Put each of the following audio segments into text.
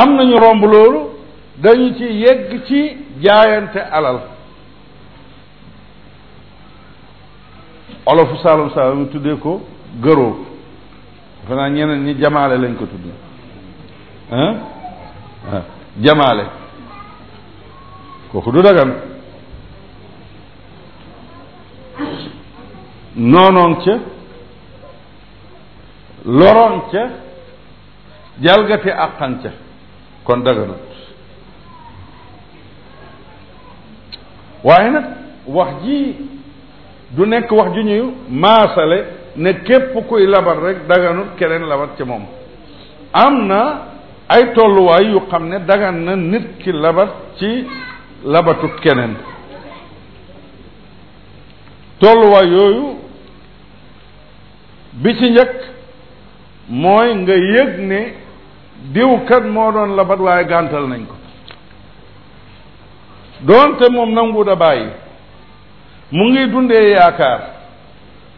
am nañu romb loolu dañu ci yegg ci jaayante alal olofu saalum saalum yi tuddee ko gëroo dafa naa ñeneen ñi jamaale lañ ko tudd ah jamaale kooku du dagan noonoon ca loroon ca jalgati àqan kon daganut waaye nag wax ji du nekk wax ju ñuy maasale ne képp kuy labat rekk daganut keneen labat ci moom am na ay tolluwaay yu xam ne daggan na nit ki labat ci labatut keneen tolluwaay yooyu bi ci njëkk mooy nga yëg ne diw kat moo doon labat waaye gàntal nañ ko doonte moom nangu da bàyyi mu ngi dundee yaakaar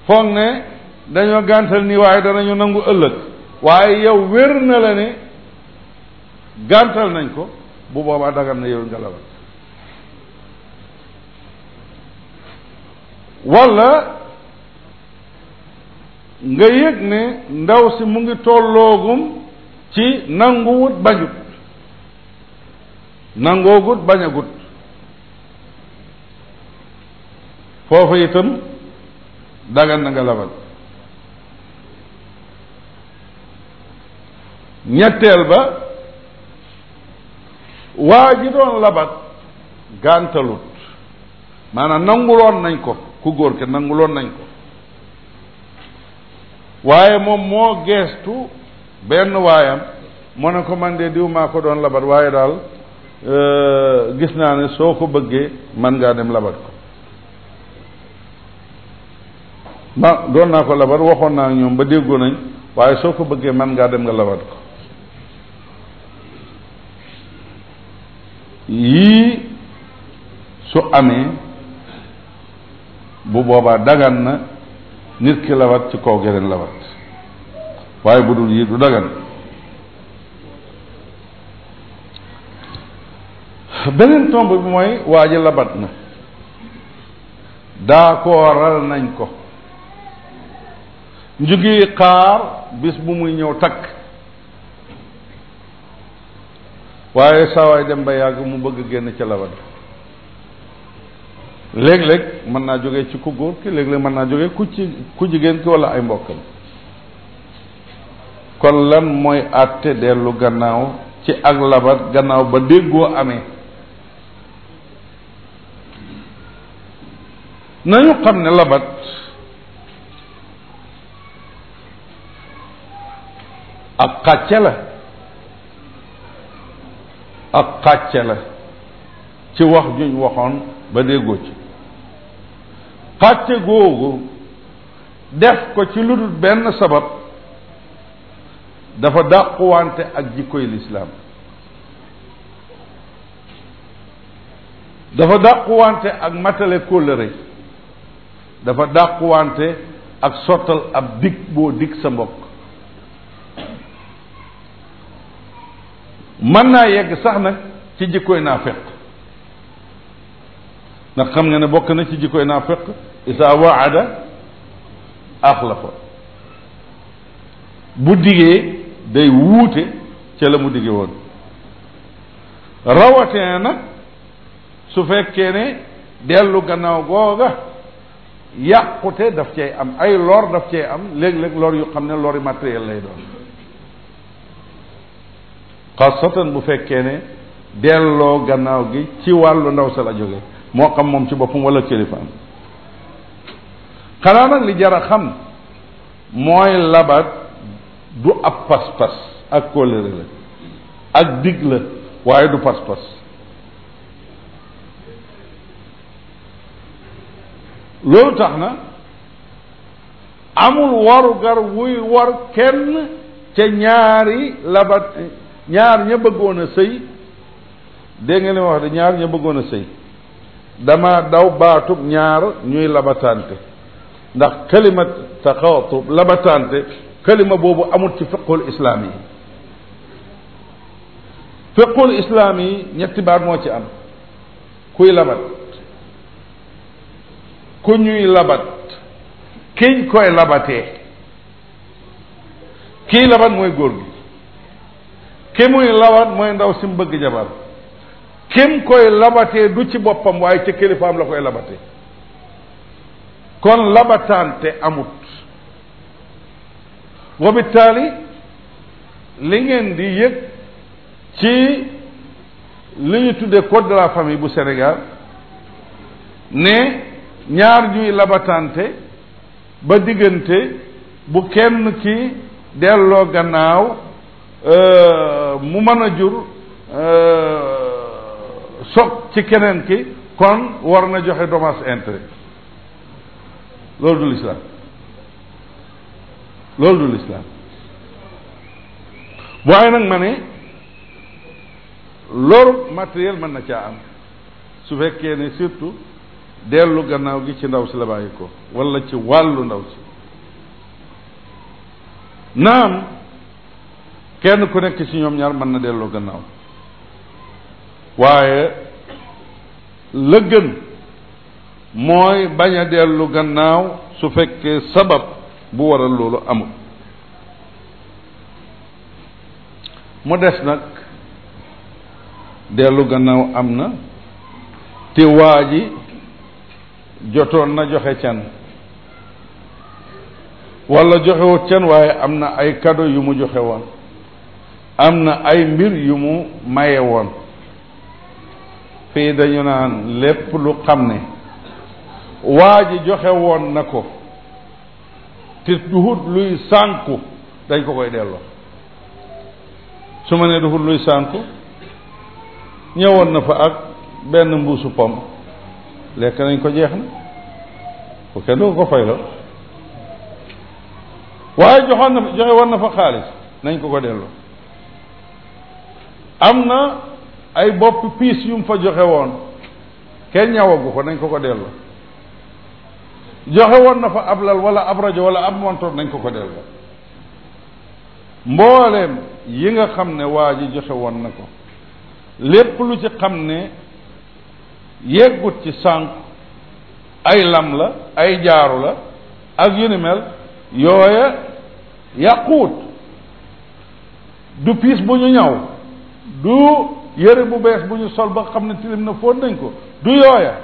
foog ne dañoo gàntal nii waaye danañu nangu ëllëg waaye yow wér na la ne gàntal nañ ko bu boobaa dagan na yow nga labat walla nga yëg ne ndaw si mu ngi tolloogum ci nanguwut bañut nangoogut bañagut foofa itam dagan na nga labal ñetteel ba waa ji doon labat gàntalut maanaam nanguloon nañ ko ku góor ke nanguloon nañ ko waaye moom moo geestu benn waayam mu ne ko man de diw maa ko doon labat waaye daal e, gis naa ne soo ko bëggee man ngaa dem labat ko ma doon naa ko labat waxoon naa ñoom ba déggoon nañ waaye soo ko bëggee man ngaa dem nga labat ko yii su amee bu boobaa daggan na nit ki labat ci kaw geneen labat waaye bu dul yi du dagan beneen tomb bi mooy waa ji labat na daa kooral nañ ko ñu ngi xaar bis bu muy ñëw takk waaye saawaay dem ba yàgg mu bëgg génn ci labat léeg-léeg mën naa jóge ci ku góor ki léeg-léeg mën naa jóge ku ci ku jigéen ki walla ay mbokkam kon lan mooy àtte dellu gannaaw ci ak labat gannaaw ba déggoo amee nañu xam ne labat ak xàcce la ak xàcce la ci wax juñ waxoon ba déggoo ci xàcce googu def ko ci lu dul benn sabab dafa dàquwante ak jikkoy lislaam dafa dàquwante ak matale kóllëre dafa dàquwante ak sottal ab dig boo dig sa mbokk mën naa yegg sax nag ci jikkoy naafeq ndax xam nga ne bokk na ci jikkoy naafeq isaa waada axlafa bu digee day wuute ca la mu digge woon rawatina nag su fekkee ne dellu gannaaw googa yàqute daf cee am ay lor daf cee am léeg-léeg lor yu xam ne lori matériel lay doon xasatan bu fekkee ne delloo gannaaw gi ci wàllu ndaw sa la jóge moo xam moom ci boppam wala kilifaam xanaa nag li jar a xam mooy labat du ab pas-pas ak kóllëre la ak dig la waaye du pas-pas loolu tax na amul warugar wuy war kenn ca ñaari labat ñaar ña bëggoon a sëy dégg nga ma wax de ñaar ña bëggoon a sëy dama daw baatu ñaar ñuy labatante ndax kalimat taxaatub labatante kalima boobu amul ci fiqhul islaam yi fiqhul islaam yi ñetti baat moo ci am kuy labat ku ñuy labat kiñ koy labatee kii labat mooy góor gi ki muy labat mooy ndaw si mu bëgg jabar kim koy labatee du ci boppam waaye ci kilifaam la koy labatee kon labatante amut wa bittaali li ngeen di yëg ci li ñu tuddee code de la famille bu Sénégal ne ñaar ñuy labatante ba diggante bu kenn ki delloo gannaaw euh, mu mën a jur euh, soog ci keneen ki kon war na joxe dommages intérêts loolu du lislaam loolu du lislaam waaye nag ma ne loru matériel mën na caa am su fekkee ne surtout dellu gannaaw gi ci ndaw si la bàyyi ko wala ci wàllu ndaw si naam kenn ku nekk ci ñoom ñaar mën na delloo gannaaw waaye la gën mooy bañ a dellu gannaaw su fekkee sabab bu waral loolu amul mu des nag dellu gannaaw am na te waa ji jotoon na joxe can wala joxewut can waaye am na ay kado yu mu joxe woon am na ay mbir yu mu maye woon fii dañu naan lépp lu xam ne waa ji joxe woon na ko te duhut luy sànku dañ ko koy delloo su ma nee duhut luy sànku ñëwoon na fa ak benn mbuusu pom lekk nañ ko jeex na bu kenn du ko fay la waaye joxoon na joxe woon na fa xaalis nañ ko ko delloo am na ay bopp piis yu mu fa joxe woon kenn ñawagu ko nañ ko ko delloo joxe woon na fa ab lal wala ab rajo wala ab montor nañ ko ko delloo mbooleem yi nga xam ne waa ji joxe woon na ko lépp lu ci xam ne yeggut ci sànq ay lam la ay jaaru la ak yu ni mel yooya yàquwut du piis bu ñu ñaw du yëre bu bees bu ñu sol ba xam ne tilim na fóot nañ ko du yooya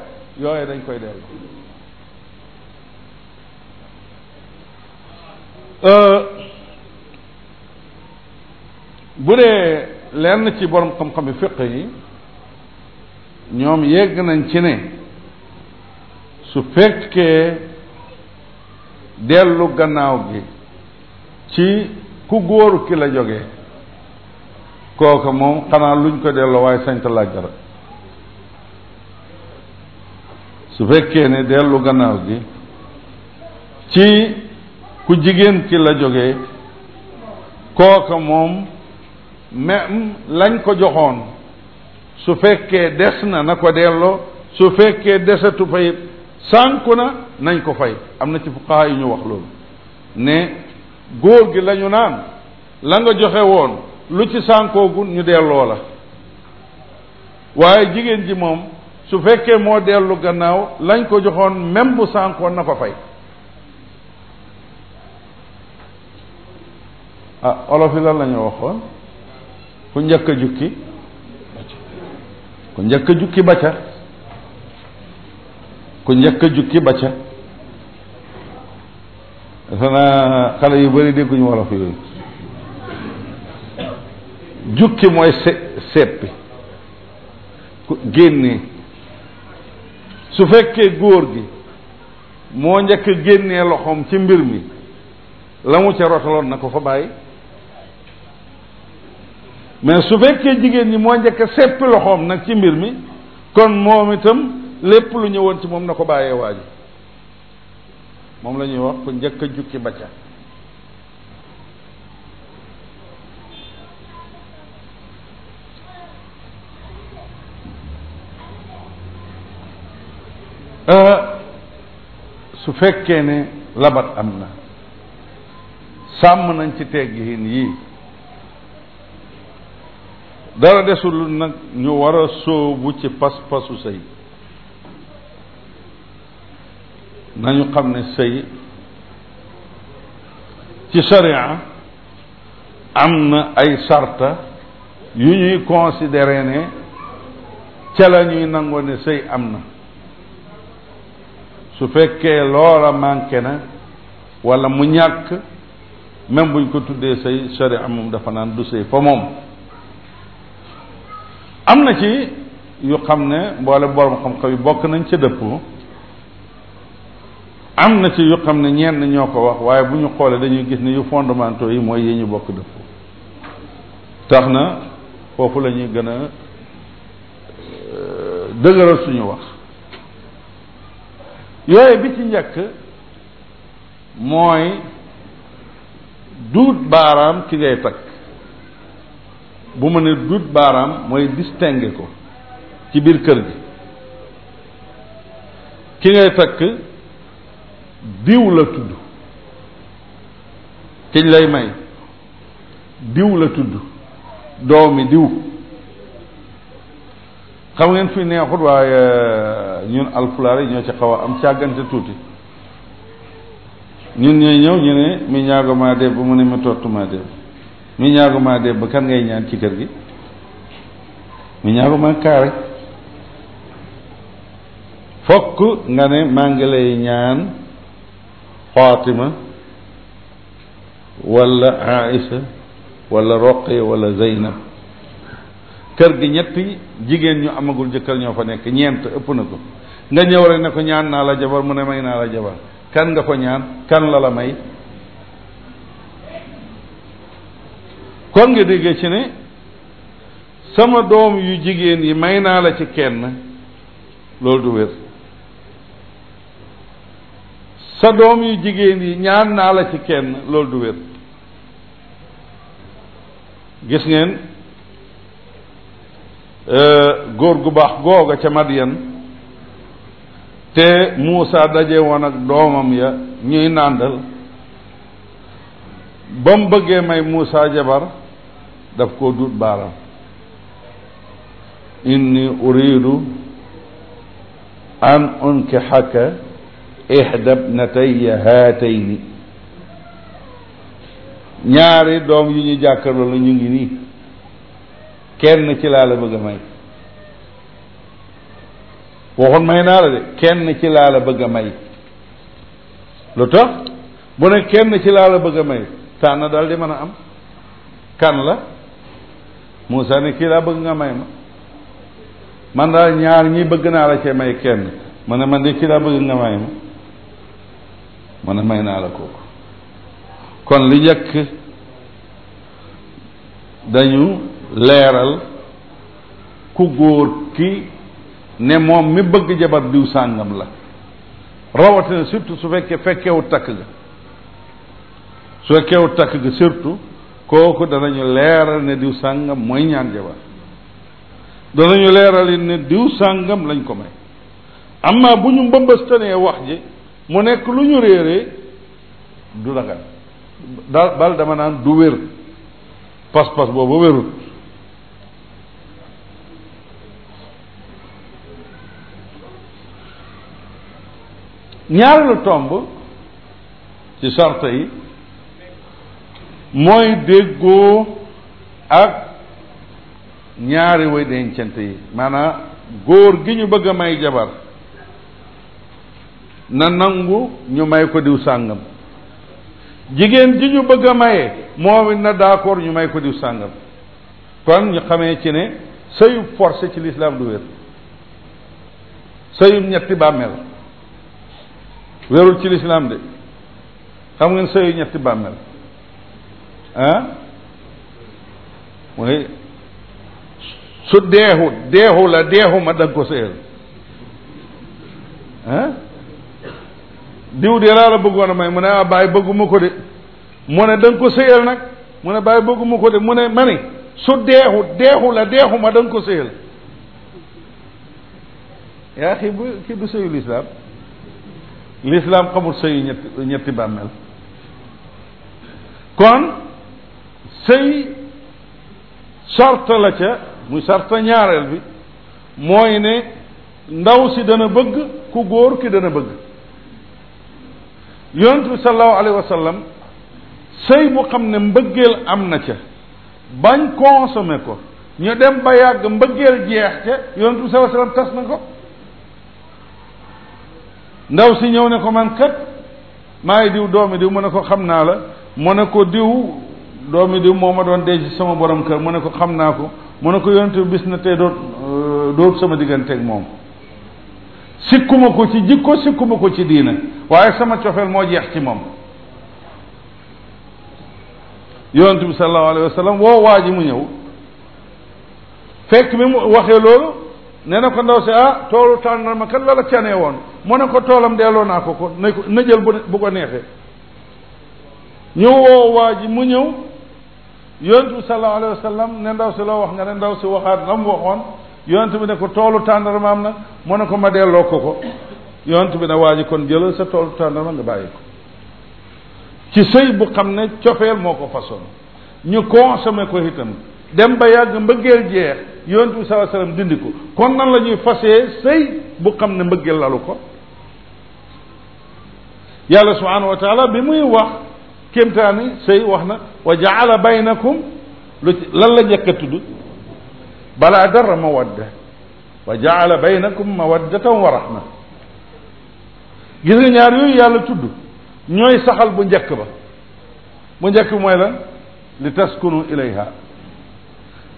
yooya dañ koy delloo Euh, bu dee lenn ci borom xam-xam yi fiq yi ñoom yegg nañ ci ne su fekkee dellu gannaaw gi ci ku góor ki la jógee kooka moom xanaa luñ ko delloo waaye sañta laaj dara su fekkee ne dellu gannaaw gi ci ku jigéen ki la jóge kooka moom même lañ ko joxoon su fekkee des na na ko delloo su fekkee desatu fa it na nañ ko fay am na ci fuqaha yu ñu wax loolu ne góor gi lañu naan la nga joxe woon lu ci sànkoogu ñu delloo la waaye jigéen ji moom su fekkee moo dellu gannaaw lañ ko joxoon même bu sànkoon na ko fay ah olof yi lan la ñu waxoon ku njëkk jukki ku njëkk jukki ba ca ku njëkk jukki ba ca defe naa xale yu bari dégguñu wolof yooyu jukki mooy se seppi ku génnee su fekkee góor gi moo njëkk génnee loxoom ci mbir mi la mu ca rotaloon na ko fa bàyyi mais su fekkee jigéen ñi moo njëkk a seppi loxoom nag ci mbir mi kon moom itam lépp lu ñëwoon ci moom na ko bàyyee waa moom lañuy wax ku njëkk a jukki ba ca euh, su fekkee ne labat am na sàmm nañ ci teggiin yii dara desul nag ñu war a sóobu ci pas-pasu sëy nañu xam ne sëy ci sharia am na ay sarta yu ñuy considéré ne ca la ñuy nangoo ne sëy am na su fekkee loola manqué na wala mu ñàkk même buñ ko tuddee sëy sharia moom dafa naan du sëy fa moom am na ci yu xam ne mboole borom xam-xam yi bokk nañ ca dëppoo am na ci yu xam ne ñenn ñoo ko wax waaye bu ñu xoolee dañuy gis ne yu fondamentaux yi mooy yi ñu bokk dëppoo tax na foofu la ñuy gën a euh, dëgëral suñu wax yooyu bi ci njëkk mooy duut baaraam ki ngay takk bu ma ne dut baaraam mooy distinguer ko ci biir kër gi ki ngay takk diw la tudd kiñ lay may diw la tudd doomi diw xam ngeen fi neexut waaye euh, ñun alfulaar yi ñoo ci xaw a am càggante tuuti ñun ñooy ñëw ñu ne mi ñaago maa dee bu mu ne mi tottu maa dee mi ñaaguma démb kan ngay ñaan ci kër gi mi ñaaguma kaa rek fokk nga ne maa ngi lay ñaan Fatima wala Aïsa walla Roqe wala Zeynab kër gi ñetti jigéen ñu amagul jëkkër ñoo fa nekk ñeent ëpp na ko nga ñëw rek ne ko ñaan naa la jabar mu ne may naa la jabar kan nga ko ñaan kan la la may kon nga déggee ci ne sama doom yu jigéen yi may naa la ci kenn loolu du wér sa doom yu jigéen yi ñaan naa la ci kenn loolu du wér gis ngeen euh, góor gu baax googa ca Madyan te Muusa daje woon ak doomam ya ñuy nàndal ba mu bëggee may Muusa jabar daf ko duut baaram inni uridu an unkixaka ihda ibnatayya haatayni ñaari doom yu ñu jàkkarloo la ñu ngi nii kenn ci laa la bëgg a may waxoon may naa la de kenn ci laa la bëgg a may lu tax bu ne kenn ci laa la bëgg a may tànn dal di mën a am kan la Moussa ne kii laa bëgg nga may ma man daal ñaar ñii bëgg naa la cee may kenn ma ne man de kii laa bëgg nga may ma ma ne may naa la kooku kon li njëkk dañu leeral ku góor ki ne moom mi bëgg jabar diw sàngam la rawatina surtout su fekkee fekkewut takk ga su fekkewut takk gi surtout kooku danañu leeral ne diw sàngam mooy ñaan jabar danañu leeral it ne diw sàngam lañ ko may amma bu ñu mbëmbëstanee wax ji mu nekk lu ñu réere du dagan bal dama naan du wér pas-pas boobu wérut ñaareelu tomb ci sarta yi mooy déggoo ak ñaari way dencante yi maanaa góor gi ñu bëgg a may jabar na nangu ñu may ko diw sàngam jigéen ji ñu bëgg a maye moom it na d'accord ñu may ko diw sàngam kon ñu xamee ci ne sëyub forcé ci lislaam du wér sëyub ñetti bàmmeel wérul ci lislaam de xam ngeen sëyu ñetti bàmmeel ah mooy su deexu deexu la deexu ma danga ko séyal ah diw de laa la bëggoon a may mu ne ah bàyyi bëgguma ko de mu ne danga ko séyal nag mu ne bàyyi bëgguma ko de mu ne ma ni su deexu deexu la deexu ma danga ko séyal yaa xii bu kii du sëyu lislaam lislaam xamul sëyu ñetti ñetti bàmmeel kon sëy sarta la ca muy sarta ñaareel bi mooy ne ndaw si dana bëgg ku góor ki dana bëgg yonent bi sallallahu alayhi wa sëy bu xam ne mbëggeel am na ca bañ consommé ko ñu dem ba yàgg mbëggeel jeex ca yonent bi sallallahu alayhi tas na ko ndaw si ñëw ne ko man kat maay diw doomi diw mu ne ko xam naa la mu ne ko diw doomi diw moo ma doon denc sama borom kër mu ne ko xam naa ko mu ne ko yonte bis na tey doot euh, doot sama digganteeg moom sikkuma ko ci jikko sikkuma ko ci diina waaye sama cofeel moo jeex ci moom yonent bi sallallahu alayhi wa woo waa ji mu ñëw fekk bi mu waxee loolu nee na ko ndaw si ah toolu tànnal ma kan la la canee woon mu ne ko toolam delloo naa ko ko na na jël bu bu ko neexee ñu woo waa ji mu ñëw yonent bi sallallahu alayhi wa sallam ndaw si loo wax nga ne ndaw si waxaat la mu waxoon yonent bi ne ko toolu tàndarmaam na mu ne ko ma delloo ko ko yonent bi ne waa ji kon jëlal sa toolu tàndarma nga bàyyi ko ci sëy bu xam ne cofeel moo ko façon ñu consommé ko itam dem ba yàgg mbëggeel jeex yonent bi sallallahu alayhi dindi ko kon nan la ñuy fasee sëy bu xam ne mbëggeel lalu ko yàlla subhanahu wa bi muy wax kéemtaani sëy wax na wa jaala baynakum lu lan la njëkk a tudd balaa dara mawadda wa jaala baynakum mawaddatan wa rahma gis nga ñaar yooyu yàlla tudd ñooy saxal bu njëkk ba bu njëkk mooy lan li taskunu ilayha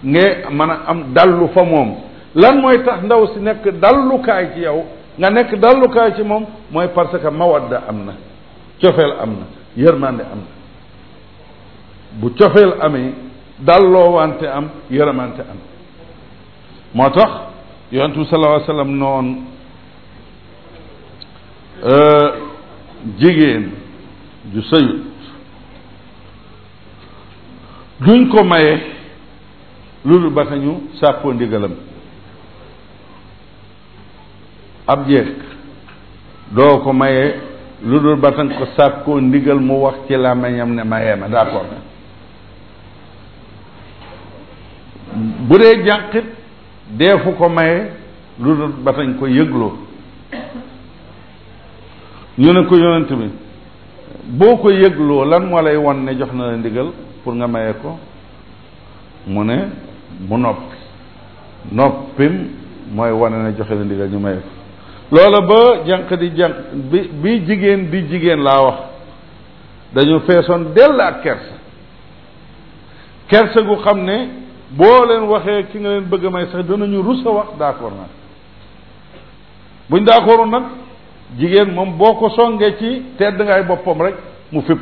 nga mën a am dallu fa moom lan mooy tax ndaw si nekk dallukaay ci yow nga nekk dallukaay ci moom mooy parce que mawadda am na cofeel am na yërmande am bu cofeel amee dalloo wante am yërmante am moo tax yontu bi sallallahu noonu euh, jigéen ju sëyut duñ ko maye lu dul ba ñu sàppoo ndigalam ab jeeg doo ko maye lu dul ba tanga ko sàkkoo ndigal mu wax ci làmmiñam ne mayee ma d'accord bu dee jànqit deefu ko maye lu dul ba ko yëgloo ñu ne ko yonent bi boo ko yëgloo lan moo lay won ne jox na la ndigal pour nga maye ko mu ne mu noppi noppim mooy wane ne joxe la ndigal ñu maye ko loola ba jànq di jànq bi bi jigéen di jigéen laa wax dañu feesoon dell ak kersa kersa gu xam ne boo leen waxee ki nga leen bëgg a may sax danañu rus a wax d'accord nag buñ d'accordu nag jigéen moom boo ko songee ci tedd ngaay boppam rek mu fipp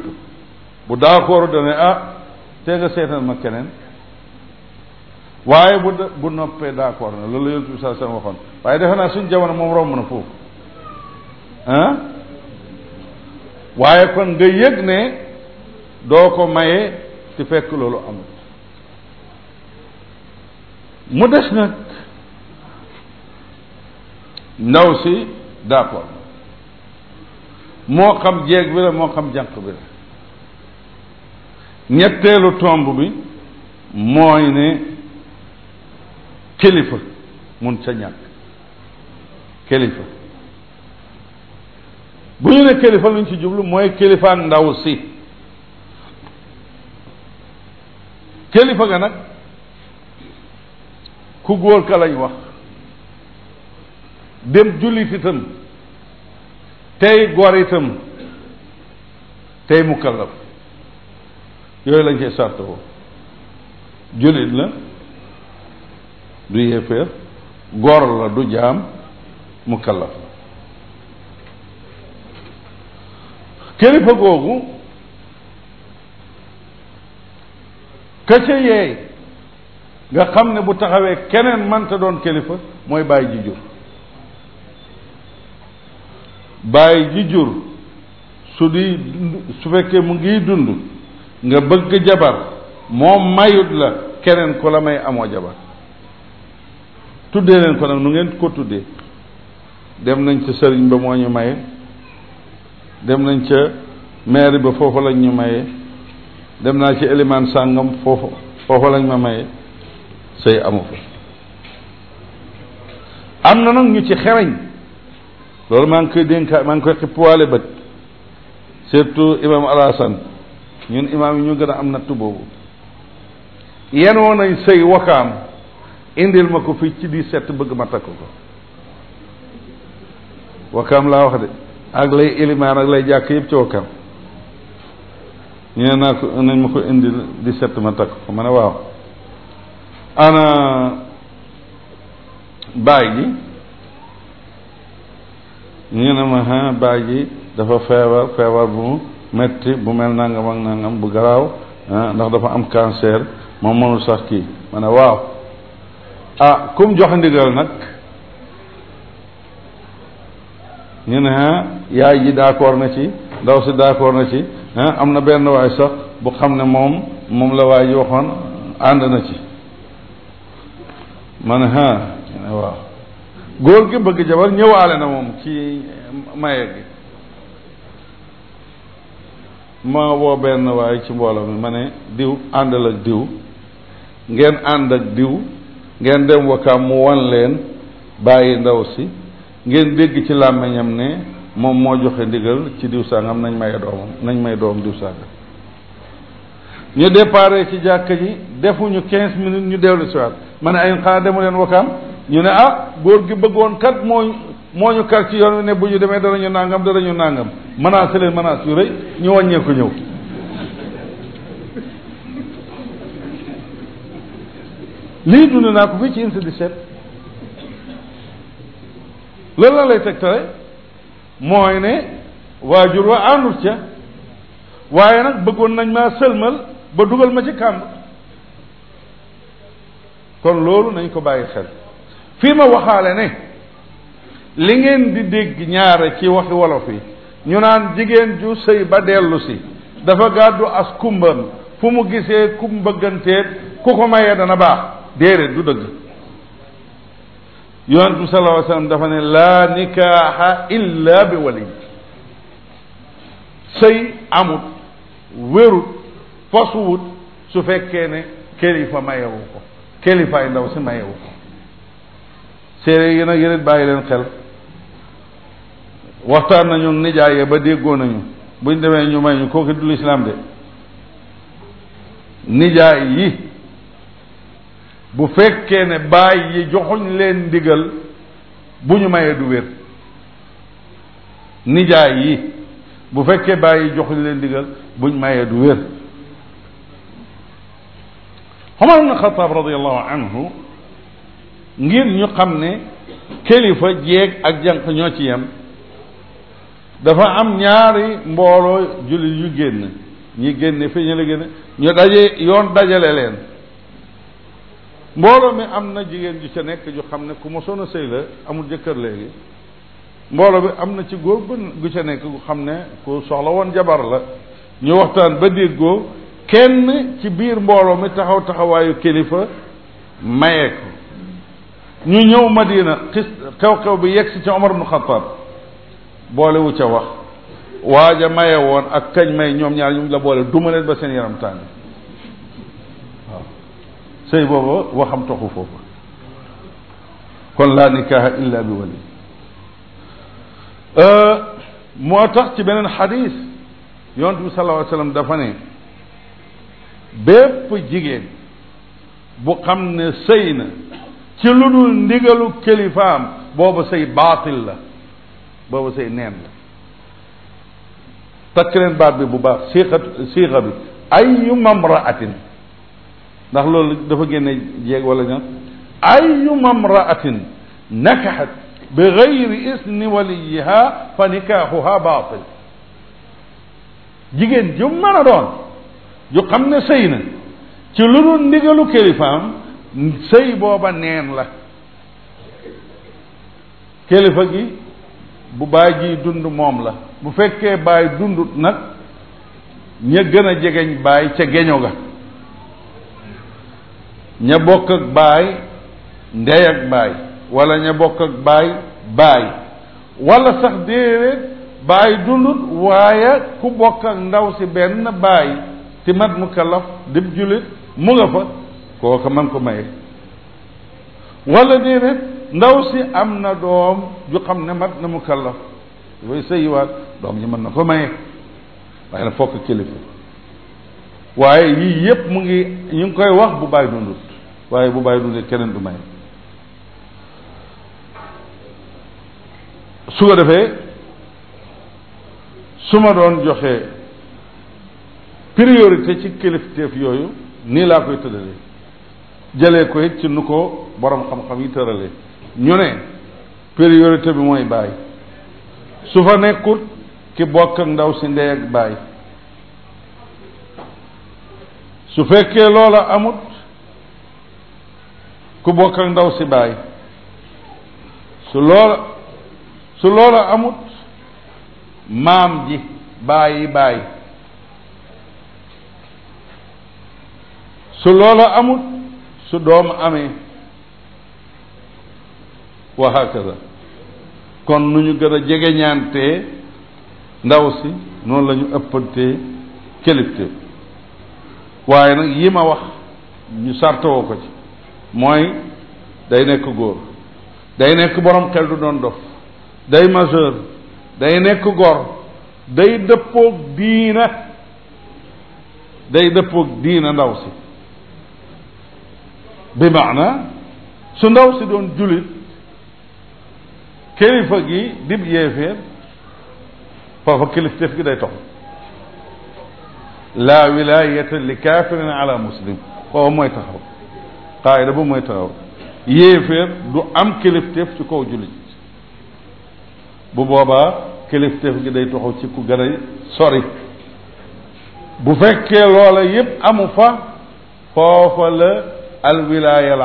bu d'accordu dana ah tee nga seetal ma keneen waaye bu bu noppee d'accord na loolu yonent bi saa sallam waxoon waaye defe naa suñ jamono moom romb na foofu ah waaye kon nga yëg ne doo ko maye te fekk loolu amul mu des nag ndaw si d'accord moo xam jeeg bi la moo xam jànq bi la ñetteelu tomb bi mooy ne kilifa mun sa ñàkk kilifa bu ñu ne kilifa lu ñu ci jublu mooy kilifa ndaw si kilifa ga nag ku góor ka lañ wax dem jullit itam tey gor itam tey mukallaf yooyu lañ cee sartoo jullit la du yéeféer góor la du jaam mu kallaf la kilifa googu ka yeey nga xam ne bu taxawee keneen mënta doon kilifa mooy bàyyi ji jur bàyyi jur su di su fekkee mu ngi dund nga bëgg jabar moo mayut la keneen ku la may amoo jabar tuddee leen ko nag nu ngeen ko tuddee dem nañ ca sëriñ ba moo ñu maye dem nañ ca maire ba foofu lañ ñu maye dem naa ci élimaan sàngam foofu foofa lañ ma maye sëy amu am na nag ñu ci xereñ loolu maa ngi koy dénka maa ngi koy xippuwaale bët surtout imam alasan ñun imaam yi ñu gën a am natt boobu yenoo nañ sëy wakaam indil ma ko fii ci dix set bëgg ma takk ko wakam laa wax de ak lay ilimaan ak lay jàkk yëpp ci wakam ñu ne naa ko nañ ma ko indil dix-sept ma takk ko ma ne waaw ana baay ji ñu ne ma baay ji dafa feebar feebar bu metti bu mel nangam ak nangam bu garaaw ah, ndax dafa am cancer moom mënul sax kii ma ne waaw ah kum jox ndigal nag ñu ne ah, yaay ji d'accord na ci ndaw si d'accord na ci ah, am na benn waay sax bu xam ne moom moom la waay ji waxoon ànd na ci ma ne ah waaw góor gi bëgg jabar ñëwaale na moom ci maye gi ma woo benn waay ci mbooloo mi ma ne diw àndal ak diw ngeen ànd ak diw ngeen dem wakaam mu wan leen bàyyi ndaw si ngeen dégg ci làmmiñam ne moom moo joxe ndigal ci diw sàngam nañ may doomam nañ may doom diw sàngam ñu déparé ci jàkka yi defuñu quinze minutes ñu dellu si waat ma ay xanaa demu leen wakaam ñu ne ah góor gi bëggoon kat moo moo ñu kar ci yoon wi ne bu ñu demee danañu nàngam danañu nàngam menace leen menace yu rëy ñu wàññeeku ñëw lii dund naa ko fii ci unité 17 loolu la lay tegtale mooy ne waajur wa àndut ca waaye nag bëggoon nañ maa sëlmal ba dugal ma ci kàmb kon loolu nañ ko bàyyi xel fii ma waxaale ne li ngeen di dégg ñaare ci waxi wolof yi ñu naan jigéen ju sëy ba dellusi si dafa gàddu as kumbam fu mu gisee kum bëgganteet ku ko mayee dana baax déedéet du dëgg yonent bi sallallahu dafa ne la nikaaxa illa bi wali sëy amut wérut fosuwut su fekkee ne kilifa mayewu ko kilifaay ndaw si mayewu ko séeréer yi nag yéen bàyyi leen xel waxtaan nañu nijaaye ba déggoo nañu buñ demee ñu may ñu du lislaam de nijaay yi bu fekkee ne baay joxuñ leen ndigal bu ñu mayee du wér nijaay yi bu fekkee bàyyi yi joxuñ leen ndigal buñ mayee du wér Umar ibn Xataab radiallahu anhu ngir ñu xam ne kilifa jeeg ak jànq ñoo ci yem dafa am ñaari mbooloo jullit yu génn ñi génne fii ñu la génne ñu daje yoon dajale leen mbooloo mi am na jigéen ju ca nekk ju xam ne ku mosoon a sëy la amul jëkkër léegi mbooloo bi am na ci góor gu ca nekk gu xam ne ku soxla woon jabar la ñu waxtaan ba déggoo kenn ci biir mbooloo mi taxaw taxawaayu kilifa maye ko ñu ñëw Madina xis xew-xew bi yegg si ca Omar ibn Xattaab boolewu ca wax waaja maye woon ak kañ may ñoom ñaar ñu la boole duma ba seen yaram tàng sëy booba waxam taxu foofu kon laa nikaaha illa bi wali euh, moo tax ci beneen xadis yonent bi sallallahu alayhi wasallam dafa ne bépp jigéen bu xam ne sëy na ci lu dul ndigalu kilifaam booba sëy baatil la booba sëy neen la takk leen baat bi bu baax siixa siixa bi ayuma mraatin ndax loolu dafa génne jeeg wala ñan ayuma mraatin nakaxat bi gayri isni waliyiha fa nikaaxuha baatil jigéen ju mën a doon ju xam ne sëy na ci lu dul ndigalu kilifaam sëy booba neen la kilifa gi bu baay ji dund moom la bu fekkee baay dundut nag ña gën a jegeñ baay ca geño ga ña bokk ak baay ndey ak baay wala ña bokk ak baay baay wala sax déedéet baay dundut waaye ku bokk ak ndaw si benn baay ti mat mu kalaf dib jullit mu nga fa kooka man ko maye wala déedéet ndaw si am na doom ju xam ne mat na mu kalaf dafay sëyiwaat doom ñi mën na ko maye waaye nag fokk kilifa waaye yii yépp mu ngi ñu ngi koy wax bu bàyyi dundut waaye bu bàyyi dundut keneen du may su ko defee su ma doon joxee priorité ci kilifteef yooyu nii laa koy tëddale jëlee ko ci nu ko boroom xam-xam yi tërale ñu ne priorité bi mooy bàyyi su fa nekkut ki bokk ak ndaw si ndey ak bàyyi su fekkee loola amut ku bokk ndaw si baay su loola su loola amut maam ji bàyyi bàyyi su loola amut su doom amee wa hakaza kon nu ñu gën a jegeñaantee ndaw si noonu lañu ñu ëppantee kilifte waaye nag yi ma wax ñu sartawoo ko ci mooy day nekk góor day nekk borom xel du doon dof day majeur day nekk gor day dëppoog diina day dëppoog diina ndaw si bi maana su ndaw si doon julit kilifa gi dib yéeféer foofa kilifteef gi day tox la wilayata li kafirin ala muslim booba mooy taxaw qaayida ba mooy taxaw yéeféer du am kilifteef ci kaw jullit bu boobaa kilifteef gi day taxaw ci ku gën a sori bu fekkee loola yépp amu fa foofa la al wilaaya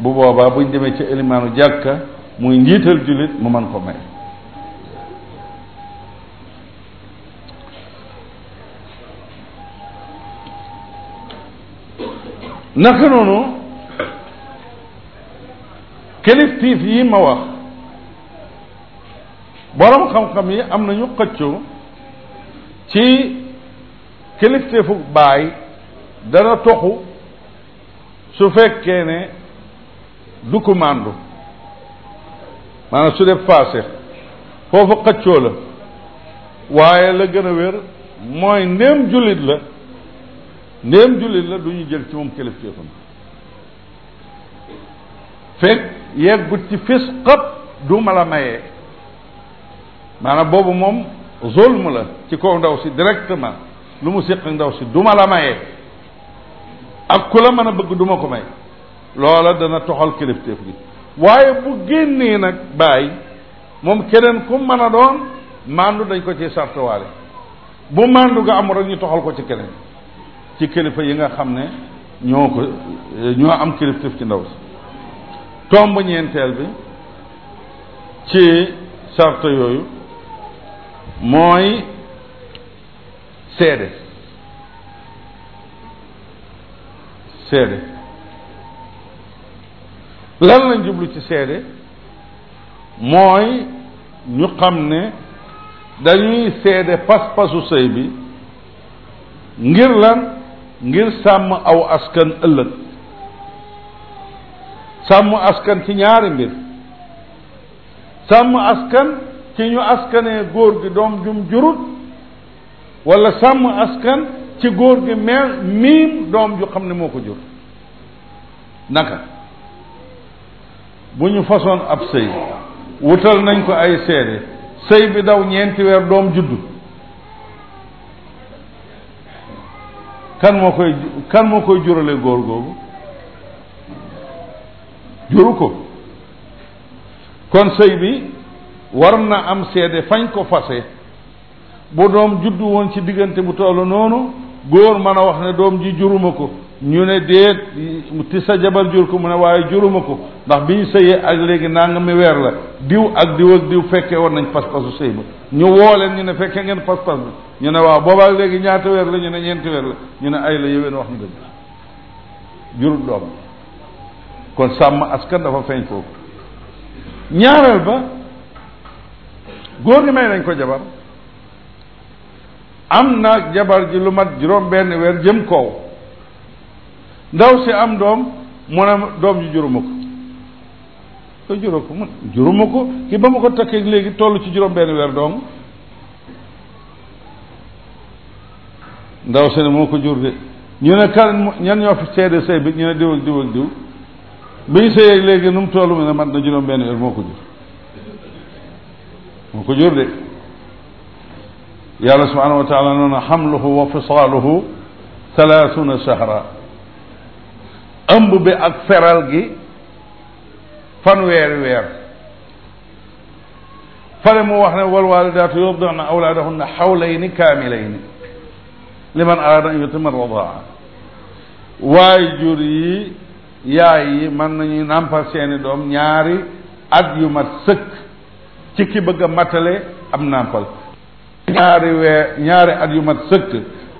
bu boobaa ci elimaanu jàkka muy njiital jullit mu mën ko may naka noonu kiliftiif yi ma wax borom xam-xam yi am nañu xëccu ci kilifteefu baay dana toxu su fekkee ne du ko màndu maanaam su def faase foofu xëccoo la waaye la gën a wér mooy ndéem jullit la ndéem jullit la du ñu jël ci moom kilifteefam fekk yeggut ci fis du ma la mayee boobu moom zulm la ci kaw ndaw si directement lu mu séq ak ndaw si du ma la mayee ak ku la mën a bëgg du ma ko may loola dana toxal kilifteef gi waaye bu génnee nag baay moom keneen ku mën a doon mandu dañ ko ci sartuwaale bu mandu nga amul rek ñu toxal ko ci keneen ci kilifa yi nga xam ne ñoo ko ñoo am kilifteef ci ndaw si tomb ñeenteel bi ci sarta yooyu mooy seede seede lan lañ jublu ci seede mooy ñu xam ne dañuy seede pas-pasu sëy bi ngir lan ngir sàmm aw askan ëllëg sàmm askan ci ñaari mbir sàmm askan ci ñu askanee góor gi doom jum jurut wala sàmm askan ci góor gi meer miim doom ju xam ne moo ko jur naka bu ñu façon ab sëy wutal nañ ko ay seede sëy bi daw ñeenti weer doom juddu kan moo koy kan moo koy jurale góor googu juru ko kon sëy bi war na am seede fañ ko fase bu doom juddu woon ci diggante bu tollu noonu góor mën a wax ne doom ji juruma ko ñu ne déet ti sa jabar jur ko mu ne waaye juruma ko ndax bi ñu sëyee ak léegi nanga mi weer la diw ak diw ak diw fekkee war nañ pas-pasu sëy ba ñu woo leen ñu ne fekkee ngeen pas-pas bi ñu ne waaw boobaa ak léegi ñaata weer la ñu ne ñeenti weer la ñu ne ay la yoween wax ñu dëgg jurul doom kon sàmm askan dafa feeñ foofu ñaareel ba góor gi may nañ ko jabar am na jabar ji lu mat juróom benn weer jëm koow ndaw si am doom mu ne doom ji juruma ko juruma ko ki ba ma ko takkee léegi toll ci juróom benn weer doom ndaw si ne moo ko de ñu ne kan ñan ñoo fi seede sëy bi ñu ne diw ak diw ak diw biñ sëyeeg léegi nu mu toll mu ne mat na juróom benn weer moo ko jur moo de yàlla subhanahu wa taala noonu xamluhu wa fisaaluhu thalathuna shahra ëmb bi ak feral gi fanweeri weer fale mu wax ne wal walidaatu yurdi'na awlaadahunna xawlayni kaamilayni liman araada an yutima radaa waajur yi yaay yi mën nañuy nàmpal seeni doom ñaari at yu mat sëkk ci ki bëgg a matale am nàmpal ñaari weer ñaari at yu mat sëkk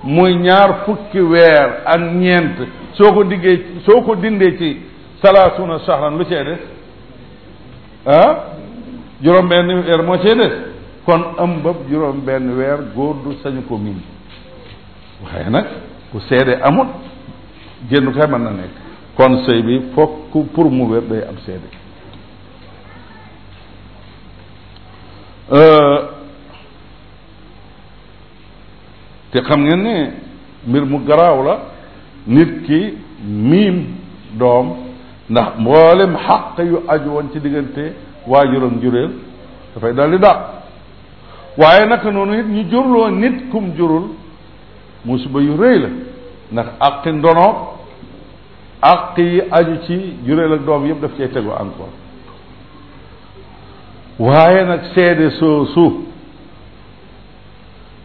muy ñaar fukki weer ak ñeent soo ko diggee soo ko dindee ci salaasuna shahran lu cee juróom benn weer moo cee kon ëmbëb juróom benn weer góor du sañu ko miin waaye nag ku seede amut génn kay mën na nekk kon sëy bi fokk pour mu wér day am seede euh, te xam ngeen ne mbir mu garaaw la nit ki miim doom ndax mboolem xàq yu aju ci diggante waajuram jureel dafay daldi dàq waaye naka noonu it ñu jurloo nit kum jurul musiba yu rëy la ndax àqi ndono àq yi aju ci jureel ak doom yëpp daf cay tegu encore waaye nag seede soosu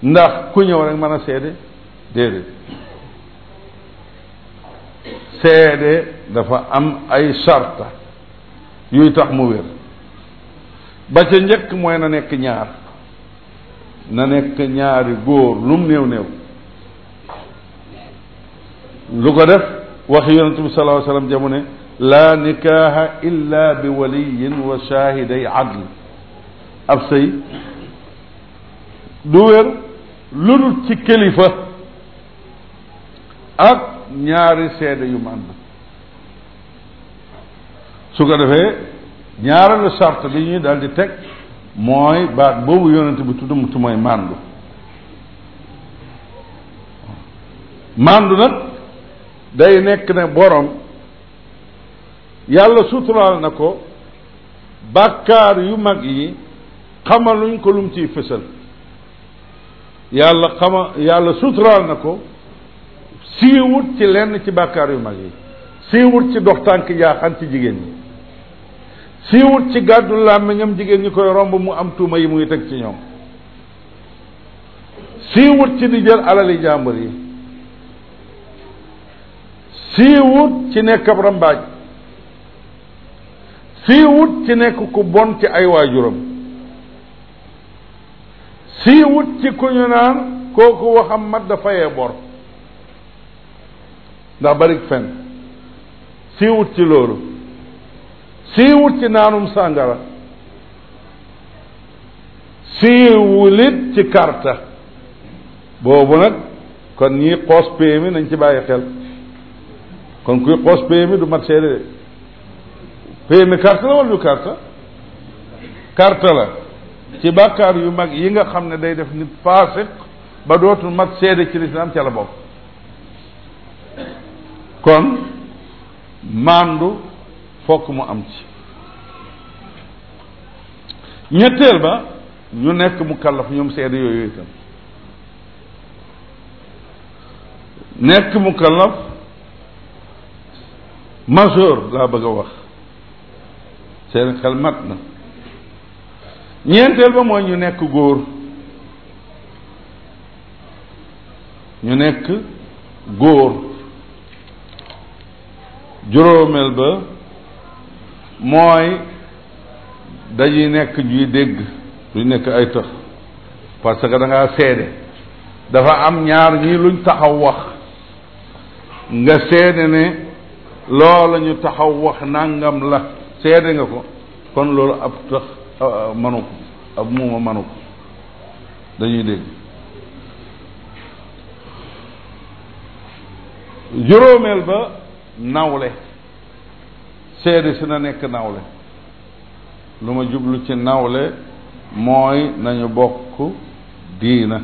ndax ku ñëw rekk mën a seede déedéet seede dafa am ay sarta yuy tax mu wér ba ca njëkk mooy na nekk ñaar na nekk ñaari góor lum néew néew lu ko def wax yonente bi salaa sallam jamu ne laa nikaaha illa bi waliyin wa shaahiday adl ab sëy du wér lu dul ci kilifa ak ñaari seede yu mu su ko defee ñaareelu sart bi ñuy daal di teg mooy baat boobu yonent bi tuddumtu mooy màndu màndu nag day nekk ne borom yàlla suturaal na ko bàkkaar yu mag yi xamaluñ ko lum ciy fësal yàlla xama yàlla suturaal na ko siiwut ci lenn ci bàkkaar yu mag yi siiwut ci dox tànk jaaxaan ci jigéen ñi siiwut ci gàddu làmmiñam jigéen ñi koy romb mu am tuuma yi muy teg ci ñoom siiwut ci di jël alali jàmbur yi siiwut ci nekk ab siiwut ci nekk ku bon ci ay waajuram siiwut ci ku ñu naan kooku waxam mat dafayee bor ndax bari fen siiwut ci loolu siiwut ci naanum sàngara siiwulit ci karta boobu nag kon ñii xoos pee mi nañ ci bàyyi xel kon kuy xoos pee du mat seede de pee mi karta la wala du karta karta la ci bàkkaar yu mag yi nga xam ne day def nit faasiq ba dootu mat seede ci lislaam ca la bokk kon maandu fokk mu am ci ñetteel ba ñu nekk mu kallaf ñoom seede yooyu itam nekk mu kallaf laa bëgg a wax seen xel mat na ñeenteel ba mooy ñu nekk góor ñu nekk góor juróomeel ba mooy dañuy nekk ñuy dégg duñ nekk ay tëx parce que da ngaa seede dafa am ñaar ñii luñ taxaw wax nga seede ne loola ñu taxaw wax nàngam la seede nga ko kon loolu ab tëx manu ko ab muuma manu ko dañuy dégg juróomeel ba nawle seede si na nekk nawle lu ma jublu ci nawle mooy nañu bokk diina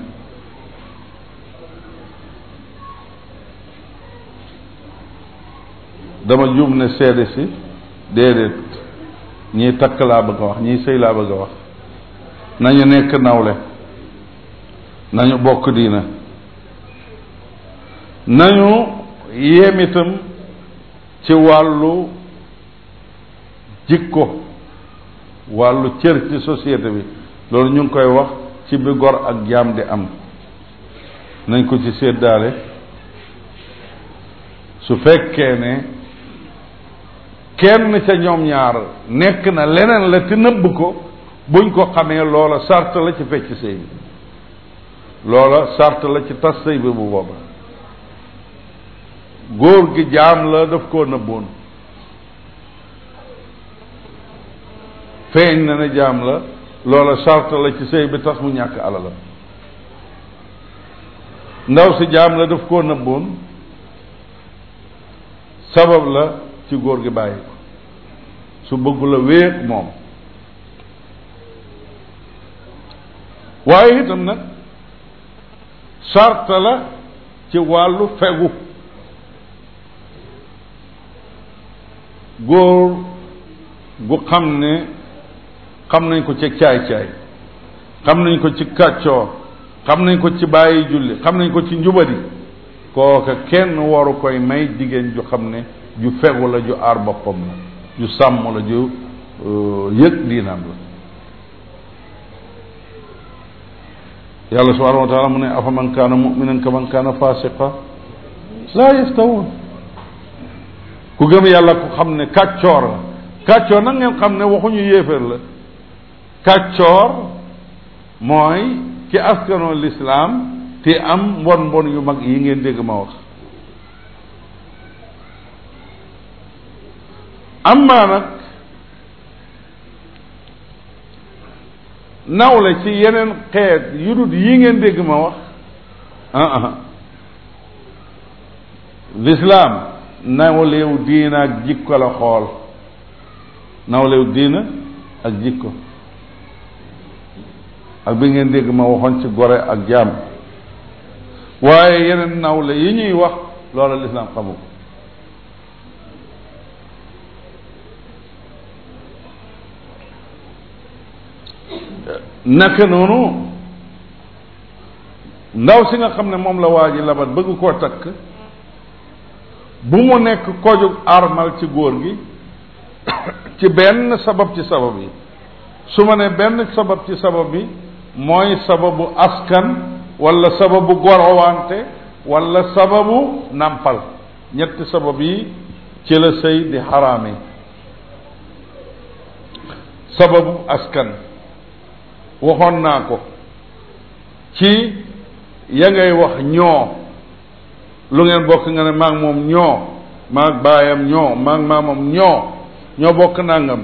dama jub ne seede si déedéet ñii takk laa bëgg a wax ñii sëy laa bëgg a wax nañu nekk nawle nañu bokk diina nañu yem itam ci wàllu jikko wàllu cër ci société bi loolu ñu ngi koy wax ci bi gor ak jaam di am nañ ko ci séddaale su fekkee ne kenn ca ñoom ñaar nekk na leneen la te nëbb ko buñ ko xamee loola sart la ci fecc sëy bi loola sart la ci tas sëy bi bu booba góor gi jaam la daf koo nëbboon feeñ na ne jaam la loola sart la ci sëy bi tas mu ñàkk alalam ndaw si jaam la daf koo nëbboon sabab la ci góor gi bàyyi ko su bëggu la wéeg moom waaye itam nag sart la ci wàllu fegu góor gu xam ne xam nañ ko ci caay-caay xam nañ ko ci kàccoor xam nañ ko ci bàyyi julli xam nañ ko ci njubadi kooka kenn waru koy may jigéen ju xam ne ju fegu la ju aar boppam la ju sàmm la ju euh, yëg diinaam la yàlla subhanahu wa taala mu ne afa man kaana muminan ka man kaana fasiqa laa yastawun ku gëm yàlla ku xam ne kàccoor la kàccoor nag ngeen xam ne waxuñu yéefar la kàccoor mooy ci askanoo lislaam te am mbon mbon yu mag yi ngeen dégg ma wax amma nag nawle ci yeneen xeet yu dut yi ngeen dégg ma wax ah, ah. lislaam nawleew diina ak jikko la xool nawleew diina ak ko ak bi ngeen dégg ma waxoon ci gore ak jàmm waaye yeneen nawle yi ñuy wax loola lislaam xamu ko naka noonu ndaw si nga xam ne moom la waa ji labat bëgg koo takk bu mu nekk kojug armal ci góor gi ci benn sabab ci sabab yi su ma ne benn sabab ci sabab yi mooy sababu askan walla sababu gorowante wala sababu nàmpal ñetti sabab yi ci la sëy di xaraame sababu askan waxoon naa ko ci ya ngay wax ñoo lu ngeen bokk nga ne maag moom ñoo maag baayam ñoo maag maamam ñoo ñoo bokk nangam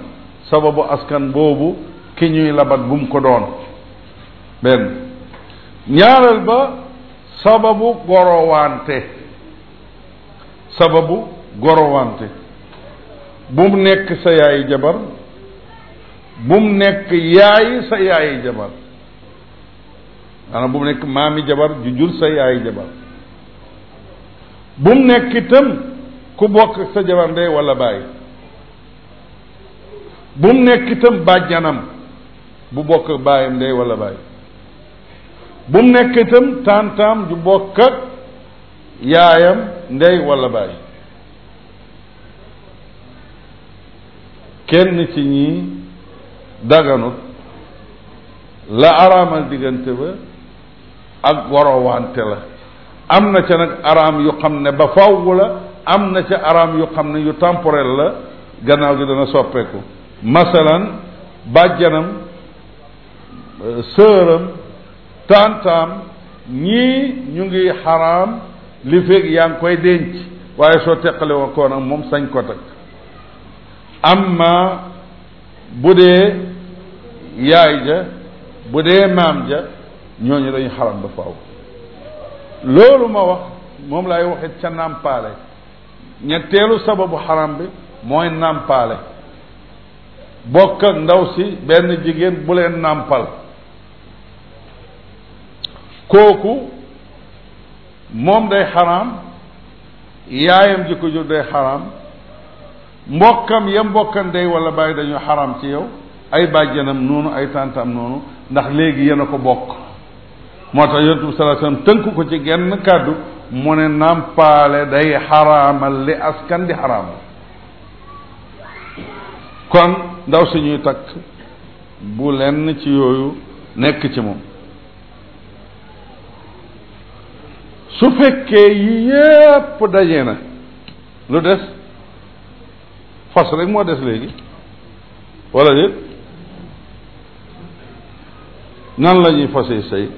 sababu askan boobu ki ñuy labat bum ko doon benn ñaareel ba sababu gorowante sababu gorowante bu nekk sa yaayi jabar bu mu nekk yaayi sa yaayi jabar maanaam bu nekk maami jabar ju sa yaayi jabar bu mu nekk ku bokk ak sa jabar ndey wala bàyyi bu mu nekk bàjjanam bu bokk ak bàyyam ndey wala bàyyi bu mu nekk itam taantaam ju bokk ak yaayam ndey wala bàyyi kenn ci ñii daganut la araamal diggante ba ak warowante la am na ca nag araam yu xam ne ba faww la am na ca araam yu xam ne yu temporel la gannaaw gi dana soppeeku masalan bàjjanam euh, sëram tantaam ñii ñu ngi xaraam li feeg yaa ngi koy denc waaye soo teqale wa moom sañ ko takk amma bu dee yaay ja bu dee maam ja ñooñu dañu xaram ba faaw loolu ma wax moom lay waxit ca nàmpaale ñetteelu sababu xaram bi mooy nàmpaale bokk ndaw si benn jigéen bu leen nàmpal kooku moom day xaram yaayam ji ko jur day xaraam mbokkam ya mbokkandey walla bàyyi dañu xaram ci yow ay bàjjanam noonu ay tàntam noonu ndax léegi yéen a ko bokk moo tax yonent bi tënk ko ci genn kàddu mu ne nàmpaale day xaraamal li askan di xaraamal kon ndaw si ñuy takk bu lenn ci yooyu nekk ci moom su fekkee yi yépp daje na lu des fas rek moo des léegi walla déet nan la ñuy fasee sëy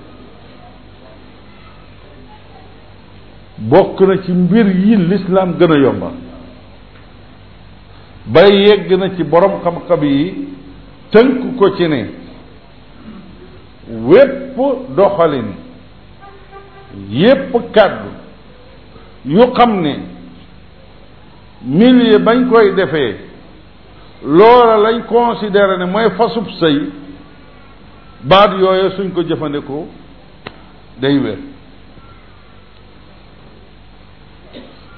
bokk na ci mbir yi lislaam gën a yombal ba yegg na ci boroom xam-xam yi tënk ko ci ne wépp doxalin yépp kàddu yu xam ne milieu bañ koy defee loola lañ considéré ne mooy fasub sëy baat yooyu suñ ko jëfandikoo day wér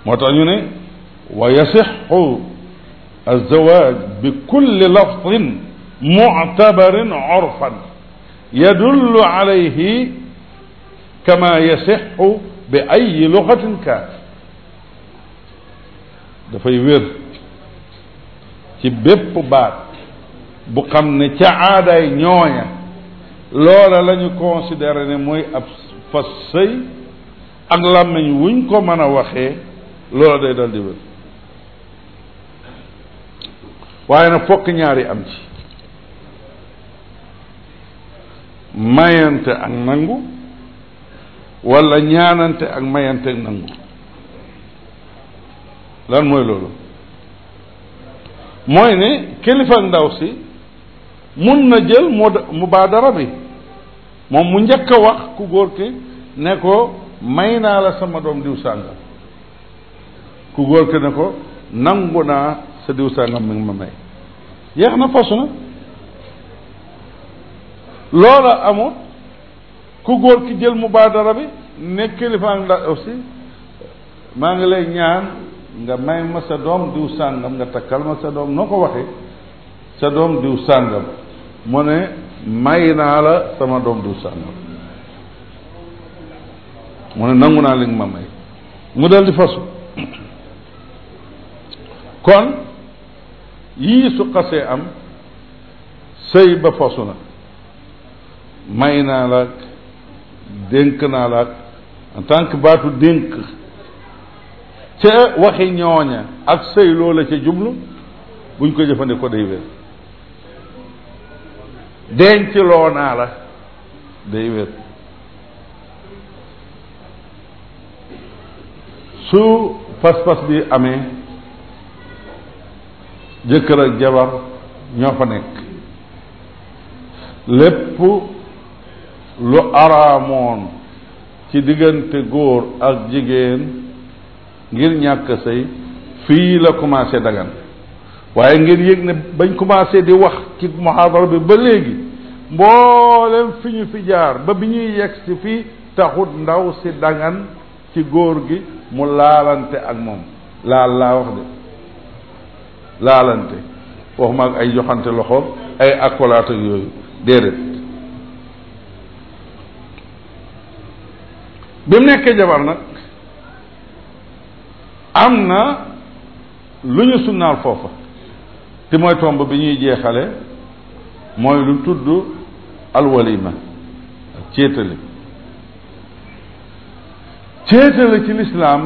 moo tax ñu ne wa yasixu alzawaaj bi kulli lafdin muctabarin orfan yadullu alayhi kama yasixu bi ayi lugatin kaan dafay wér ci bépp baat bu xam ne ca aadaay ñooña loola la ñu considéré ne mooy ab fas sëy ak làmmiñ wuñ ko mën a waxee loola day dal di waaye na fokk ñaari am ci mayante ak nangu wala ñaanante ak mayante ak nangu lan mooy loolu mooy ne kilifa ndaw si mun na jël mu mubaadara bi moom mu njëkk a wax ku góor ki ne ko may naa la sama doom diw sàngam ku góor ki ne ko nangu naa sa diw sàngam mi ma may yeex na fos na loola amut ku góor ki jël mubaadara bi ne kilifa ak ndaw maa ngi lay ñaan nga may ma sa doom diw sàngam nga takkal ma sa doom noo ko waxee sa doom diw sàngam mu ne may naa la sama doom diw sàngam mu ne nangu naa li nga ma may mu dal di fasu kon yii su xasee am sëy ba fosu na may naa la ak dénk naa la ak en tant baatu dénk ca waxi ñooña ak sëy loola ca jublu buñ ko jëfandikoo day wér denc loo naa la day wér su pas-pas bi amee jëkkër ak jabar ñoo fa nekk lépp lu araamoon ci diggante góor ak jigéen ngir ñàkk sëy fii la commencé daggan waaye ngir yëg ne bañ commencé di wax ci muhaadara bi ba léegi mboolem fi ñu fi jaar ba bi ñuy yegg si fii taxut ndaw si daggan ci góor gi mu laalante ak moom laal laa wax de laalante waxuma ay joxante loxo ay accolade ak yooyu déedéet bi mu nekkee jabar nag am na lu ñu sunnaal foofa te mooy tomb bi ñuy jeexale mooy lu tudd alwalima ak céetale céetale ci lislaam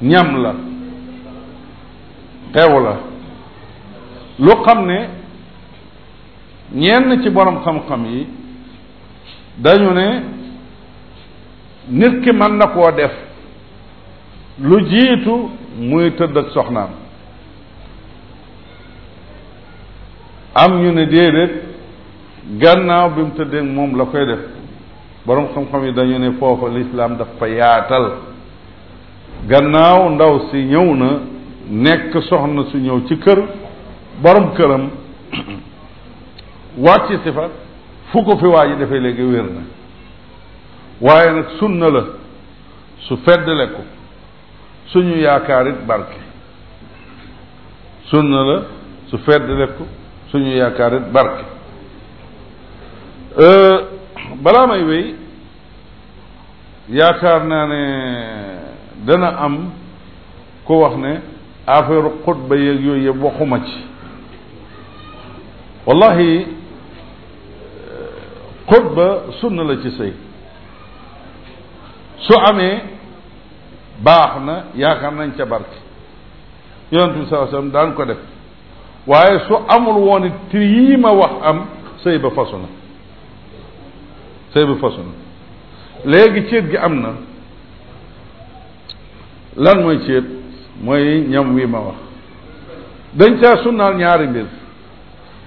ñam la xew la lu xam ne ñenn ci borom xam-xam yi dañu ne nit ki mën na koo def lu jiitu muy tëdd ak soxnaam am ñu ne déedéet gannaaw bi mu tëddee moom la koy def borom xam-xam yi dañu ne foofa lislaam daf fa yaatal gannaaw ndaw si ñëw na nekk soxna su ñëw ci kër boroom këram wàcc si fa fu ko fi waa ji defee léegi wér na waaye nag sunna la su feddle ko suñu yaakaar it barke sunna la su suñu yaakaar it barke euh, balaa may wéy yaakaar naa ne dana am ko wax ne affaire xutba yeeg yooyu yëpp waxuma ci wallahi eh, xutba sunna la ci sëy su amee baax na yaakaar nañ ca barke yonent bi saa sallam daan ko def waaye su amul woon it te yii ma wax am sëy ba fasu na sëy ba fasu na léegi céet gi am na lan mooy céet mooy ñam wi ma wax dañ caa sunnaal ñaari mbir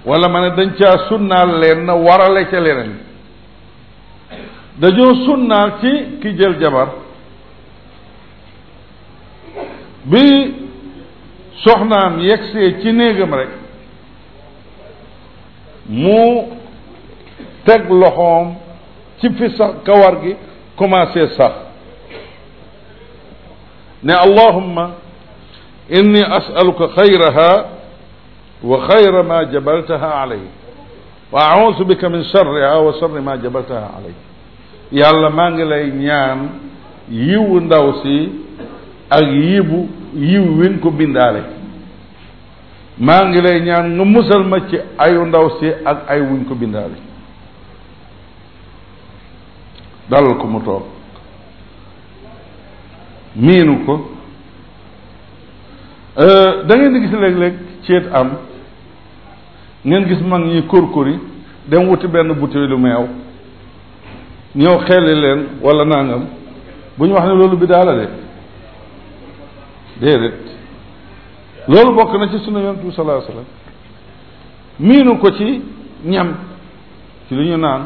wala ma ne dañ caa sunnaal leen na warale ca leneen dañoo sunnaal ci ki jël jabar bi soxnaam yegsee ci néegam rek mu teg loxoom ci fi sax kawar gi commencé sax ne allahumma inni asaluka xayraha wa xayra ma jabaltaha alay wa ausu bika min sharriha wa sharri ma jabaltaha alay yàlla maa ngi lay ñaan yiwu ndaw si ak yibu yiw win ko bindaale maa ngi lay ñaan nga musal ma ci ayu ndaw si ak ay wuñ ko bindaale dalal ko mu toog miinu ko Euh, da ngeen di gis léeg-léeg ceet am ngeen gis mag ñi kurkuri dem wuti benn butéelu meew ñëw xeeli leen walla nàngam bu ñu wax ne loolu bi daala de déedéet loolu bokk na ci sunu yonent bi salaa sallam miinu ko ci ñam ci lu ñu naan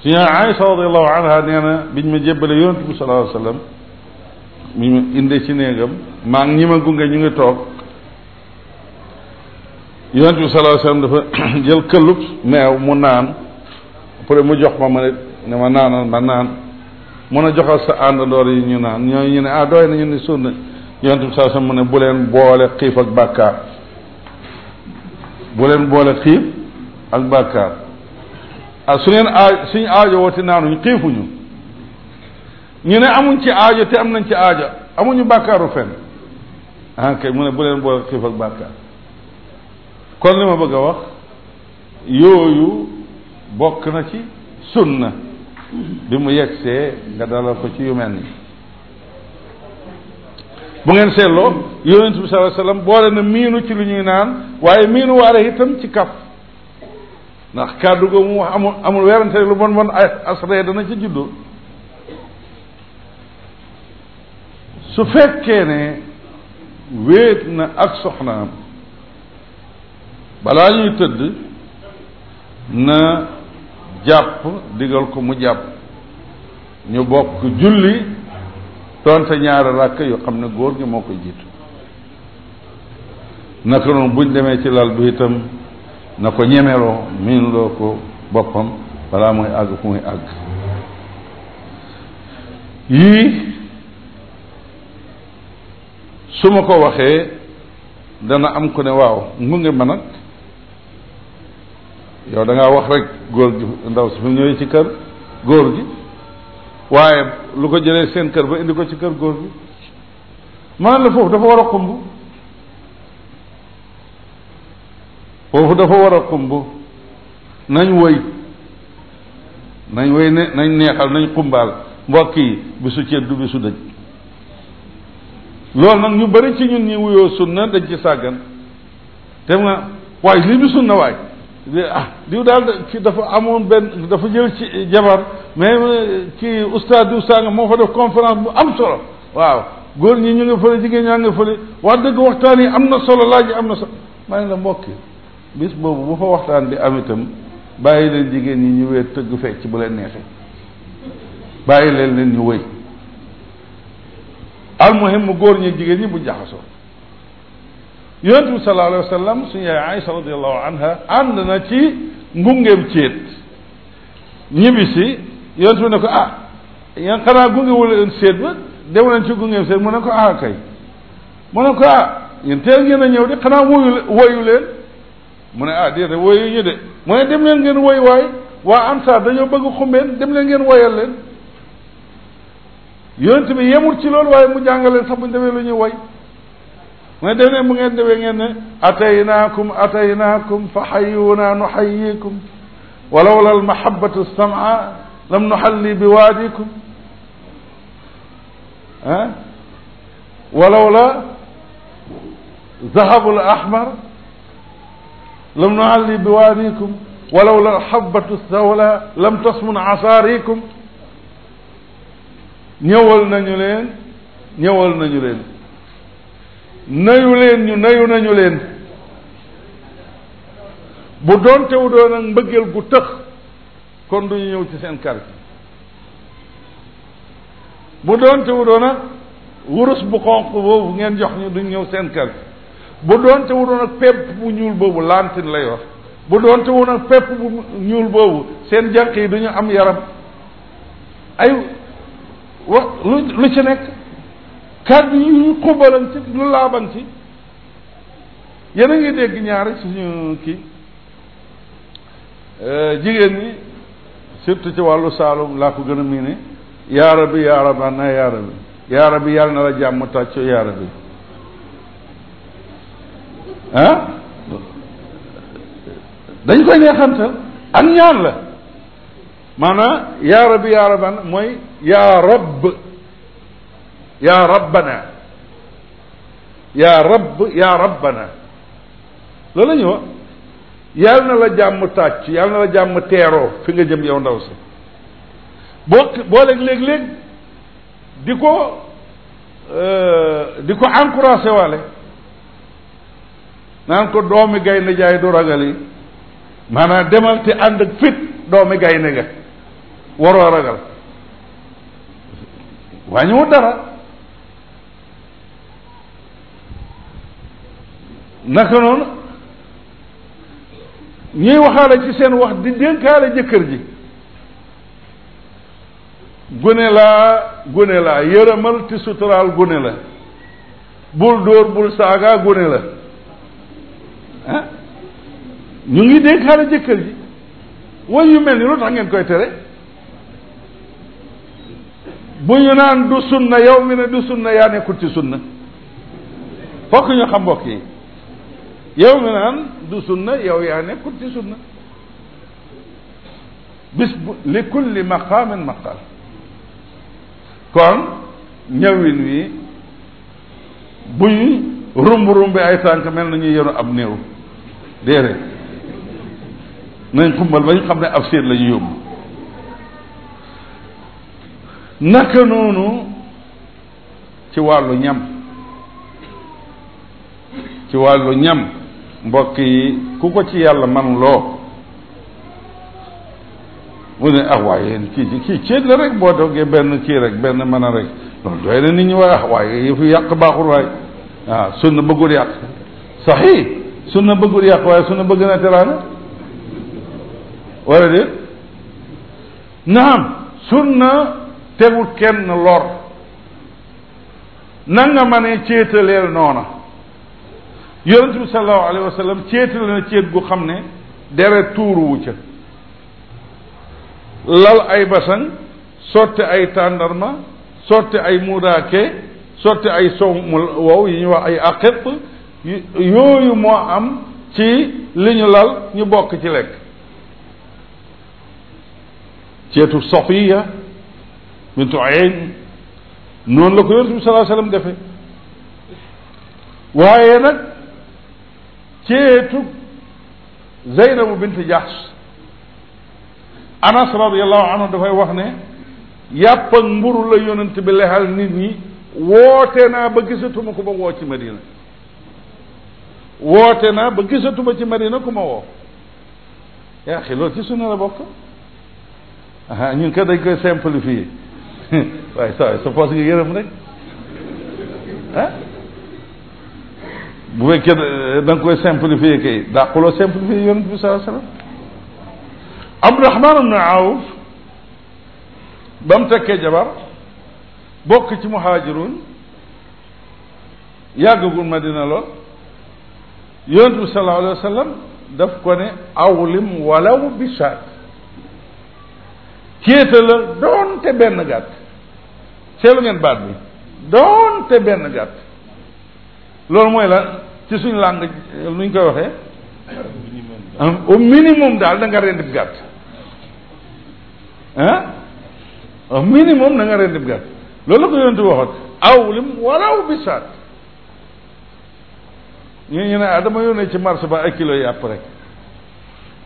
suñu Aïsa radiallahu anha nee na biñ ma jébbale yonent bi salaa sallam mi ma inde ci néegam maa ngi ñi ma gunge ñu ngi toog yonent bi sallallahu alayhi dafa jël këllu meew mu naan après mu jox ma ma ne ma naanal ma naan mën a joxal sa àndandoor yi ñu naan ñooñu ñu ne ah doy nañu ne sunna yonent bi sallallahu alayhi wasallam mu ne bu leen boole xiif ak bàkkaar bu leen boole xiif ak bàkkaar ah su ngeen aaj suñu aajo wooti naanuñ xiifuñu ñu ne amuñ ci ajo te am nañ ci aajo amuñu bàkkaaru fen ah mu ne bu leen boole xiif ak bàkkaar kon li ma bëgg a wax yooyu bokk na ci sun na bi mu yegsee nga dalal ko ci yu mel ni bu ngeen seetloo yonent bi sallallahu boole na miinu ci lu ñuy naan waaye miinu waare itam ci kaf ndax kàddu googu mu wax amul amul werante lu bon bon asree dana ci juddu su fekkee ne wéet na ak soxnaam balaa ñuy tëdd na jàpp digal ko mu jàpp ñu bokk julli donte ñaari ràkk yoo xam ne góor gi moo koy jiitu naka noonu buñ demee ci lal bi itam na ko ñemeloo miin loo ko boppam balaa mooy àgg fu muy àgg yii su ma ko waxee dana am ku ne waaw mu ngi mën ak yow da wax rek góor gi ndaw si fi mu ñëwee ci kër góor gi waaye lu ko jëlee seen kër ba indi ko ci kër góor gi maanaam la foofu dafa war a xumb foofu dafa war a xumb nañ woy nañ woy ne nañ neexal nañ xumbaal mbokk yi bisu ceeb du bisu dëj loolu nag ñu bari ci ñun ñi wuyoo sunna dañ ci sàggan te nga waaye lii du sunna waay ah diw daal ci dafa amoon benn dafa jël ci jabar mais ci euh, oustaz diw sàng moo fa def conférence bu am solo waaw góor ñi ñu nga fële jigéen ñaa nga fële wax dëgg waxtaan yi am na solo laaj yi am na solo maa ngi la mbokki bis boobu bu fa waxtaan bi am itam bàyyi leen jigéen ñi ñu wéet tëgg fecc bu leen neexee bàyyi leen leen ñu wëy almuhim mu góor ñeeg jigéen ñi bu jaxasoo yonent bi sallallahu alayhi wa sallam suñu yaay Aïsa radiallahu anha ànd na ci ngungeem céet ñibbisi yonent bi ne ko ah yan xanaa gunge wala leen séet ba dem nañ ci gungeem séet mu ne ko ah kay mu ne ko ah yéen teel ngeen a ñëw de xanaa woyu woyu leen mu ne ah déedéet woyu ñu de mu ne dem ngeen woy waay waa ansaar dañoo bëgg xumbeen dem leen ngeen woyal leen yonent bi yemul ci loolu waaye mu jàngaleen sax buñ demee lu ñuy woy mu ne def ne bu ngeen demee ngeen ne ataynaakum ataynaakum fa xayuuna nuxayikum walawla almahabatu sam'a lam nuxalli biwaadikum ah walawla zahabu alaxmar lam nuxalli biwaadikum walawla alxabatu sawla lam tasmun asaarikum ñëwal nañu leen ñëwal nañu leen nayu leen ñu nayu nañu leen bu doon tewu doon ak mbëggeel gu tëx kon duñu ñëw ci seen kar gi bu doon tewu doon ak wurus bu xonq boobu ngeen jox ñu duñ ñëw seen kar gi bu doon tewu doon ak pepp bu ñuul boobu lantin lay wax bu doon tewu pepp bu ñuul boobu seen jànq yi duñu am yaram ay wa lu lu ci nekk kàddu yi ñu xubalan ci lu laaban ci yéen a ngi dégg ñaari suñu kii euh, jigéen ñi surtout ci wàllu saalum laa ko gën a miine yaara bi yaara bi ana yaara bi yaara bi yàlla na la jàmm tàcco yaara bi ah dañ koy neexantal ak ñaan la maanaam yaa rabbi yaa rabban mooy yaa rabb yaa rabbana yaa rabb yaa rabbana loolu la ñu wax yàlla na la jàmm tàcc yàlla na la jàmm teeroo fi nga jëm yow ndaw si boo booleeg léeg-léeg di ko euh, di ko encouragé waale naan ko doomi gaynde jaay du ragal yi maanaam demal te ànd fit doomi gaynde ga waroo ragal wàññiwut dara naka noonu ñuy waxaale ci seen wax di dénkaale jëkkër ji gune laa gune laa yërëmal ti suturaal gune la bul dóor bul saaga gune la ah ñu ngi dénkaale jëkkër ji way yu mel ni lu tax ngeen koy tere bu ñu naan du sunna yow mi ne du sunna yaa nekkul ci sunna fokk ñu xam mbokk yi yow mi naan du sunna yow yaa nekkul ci sunna bis bu li kulli maqaamin maqaal kon ñëwin wi bu ñu rumb rumbi ay tànk mel na ñuy yenu ab néew déedéet nañ xumbal ba ñu xam ne ab siir la ñu naka noonu ci wàllu ñam ci wàllu ñam mbokk yi ku ko ci yàlla man loo mu ne ah waaye yéen kii ci kii ceet la rek boo dogee benn kii rek benn mën a rek loolu doy na nit ñi waaye ah waaye yëfu yàq baaxul waay waaw ah, sunna bëggul yàq saxi sunna bëggul yàq waaye sunna bëgg na teraanga wala déet naam sunna tegu kenn lor na nga mënee céetaleel noona yonent bi sallallahu alayhi wa sallam na céet gu xam ne deret tuuruwu ca lal ay basan sotti ay tàndarma sotti ay muudaake sotti ay sow wow yi ñuy wax ay aqiq yooyu moo am ci li ñu lal ñu bokk ci lekk ceetu sofiya bintu Uyayn noonu la ko yonent bi sallallahu alayhi wasallam defe waaye nag ceetu Zeynabu bint Jahsh Anas radiyallahu anhu dafay wax ne yàpp ak mburu la yonent bi lexal nit ñi woote naa ba gisatuma ku ma woo ci Madina woote na ba gisatuma ci Madina ku ma woo yaa xi ci sunna la bokk ñu ngi ko dañ koy waaye saa yi sa poos nga yërëm rek ah bu fekkee da nga koy simplifier kay dàquloo simplifier yonent bi sallallahu alayhi wasallam Abdurahman ibn Awf ba mu tekkee jabar bokk ci muhaajiruun yàggagul Madina lool yonent bi sallallahu alayhi wasallam daf ko ne awlim walaw bi céeta la doonte benn gàtt seelu ngeen baat bi doonte benn gàtt loolu mooy la ci suñ làng nu koy waxee au minimum daal da nga rendib gàtt ah au minimum da nga rendib gàtt loolu la ko yonent waxoon aw lim walaw bi saat ñu ñu ne ah dama yónnee ci marché ba ay kilo yàpp rek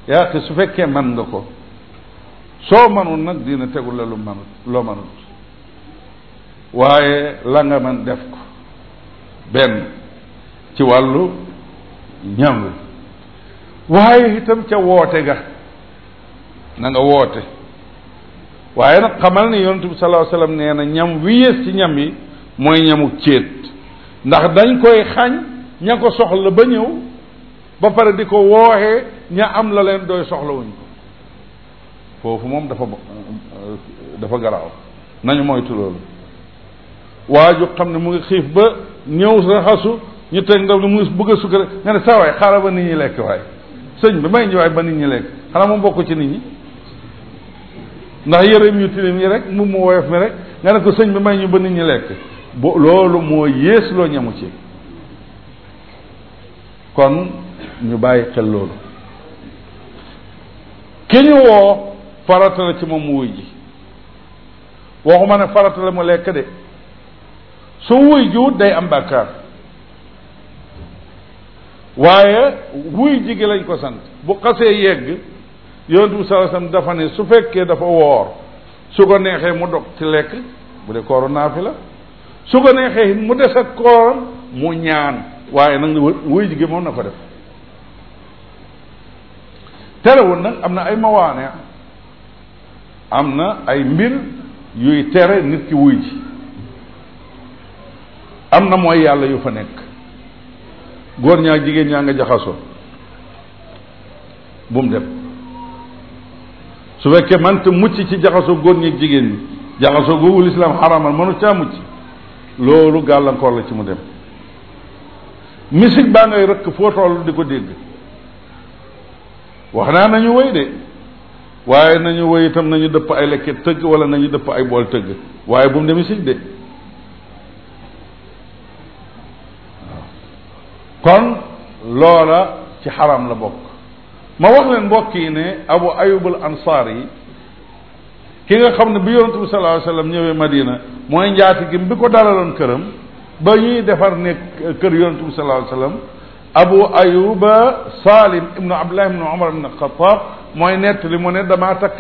yaa su fekkee man nga ko soo manul nag dina tegul la lu manut loo manut waaye la nga man def ko benn ci wàllu ñam waaye itam ca woote ga nanga woote waaye nag xamal ni yonent bi sallallahu alayhi wasallam nee na ñam wi yées ci ñam yi mooy ñamu céet ndax dañ koy xañ ña ko soxla ba ñëw ba pare di ko wooxee ña am la leen dooy soxlawuñ foofu moom dafa bo dafa garaaw nañu moytu loolu waa ju xam ne mu ngi xiif ba ñëw raxasu ñu teg ndaw li mu bëgg a sukkare nga ne saa waay xaaral ba nit ñi lekk waay sëñ bi may ñu ba nit ñi lekk xanaa moom ci nit ñi ndax yëreem yu tilim rek mu mu woyof rek nga sëñ bi may ñu ba nit ñi lekk bo loolu moo yées loo ñamu ci kon ñu bàyyi xel loolu ki ñu woo farata ci moom mu wuy ji waxuma ne farata la mu lekk de su wuy jiwut day am bàkkaar waaye wuy ji gi lañ ko sant bu xasee yegg yonent bi sallallahu alayhi wasallam dafa ne su fekkee dafa woor su ko neexee mu dog ci lekk bu dee kooru naafi la su ko neexee mu des ak kooram mu ñaan waaye nag wuy ji gi moom na ko def terewul nag am na ay mawaane am na ay mbir yuy tere nit ki wuy ji am na mooy yàlla yu fa nekk góor ñaa jigéen ñaa nga jaxasoo bu mu dem su fekkee man mucc ci jaxasoo góor ñi jigéen ñi jaxasoo googu lislaam xaraamal mënu caa mucc loolu gàllankoor la ci mu dem musique baa ngay rëkk foo toll di ko dégg wax naa nañu woy de waaye nañu woy itam nañu dëpp ay lekket tëgg wala nañu dëpp ay bool tëgg waaye bu mu demee sig de kon loola ci xaram la bokk ma wax leen mbokk yi ne abu ayub al ansaar yi ki nga xam ne bi yonente bi sallallahu alayhi wasallam ñëwee madina mooy njaati gi bi ko dalaloon këram ba ñuy defar nekk kër yonente bi sallallahu abu ayuba salim ibnu abdullah ibnu umar ibnu xataab mooy nettali mu ne damaa takk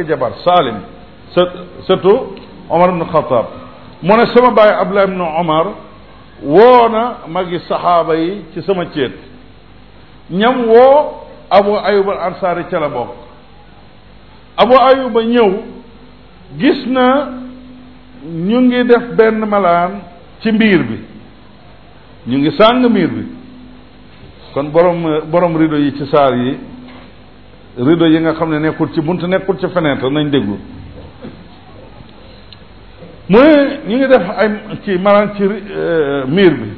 sama baay abdullah ibnu umar woona magi saxaaba ci sama céet ñam woo abu ayuba ansaari ca abu ayuba ñëw gis na ñu ngi def benn malaan ci mbiir bi ñu ngi sàng mbiir bi kon borom borom rido yi ci saar yi rido yi nga xam ne nekkul ci bunt nekkul ci fenêtre nañ déglu mu ne ñu ngi def ay ci maanaam ci euh, miir bi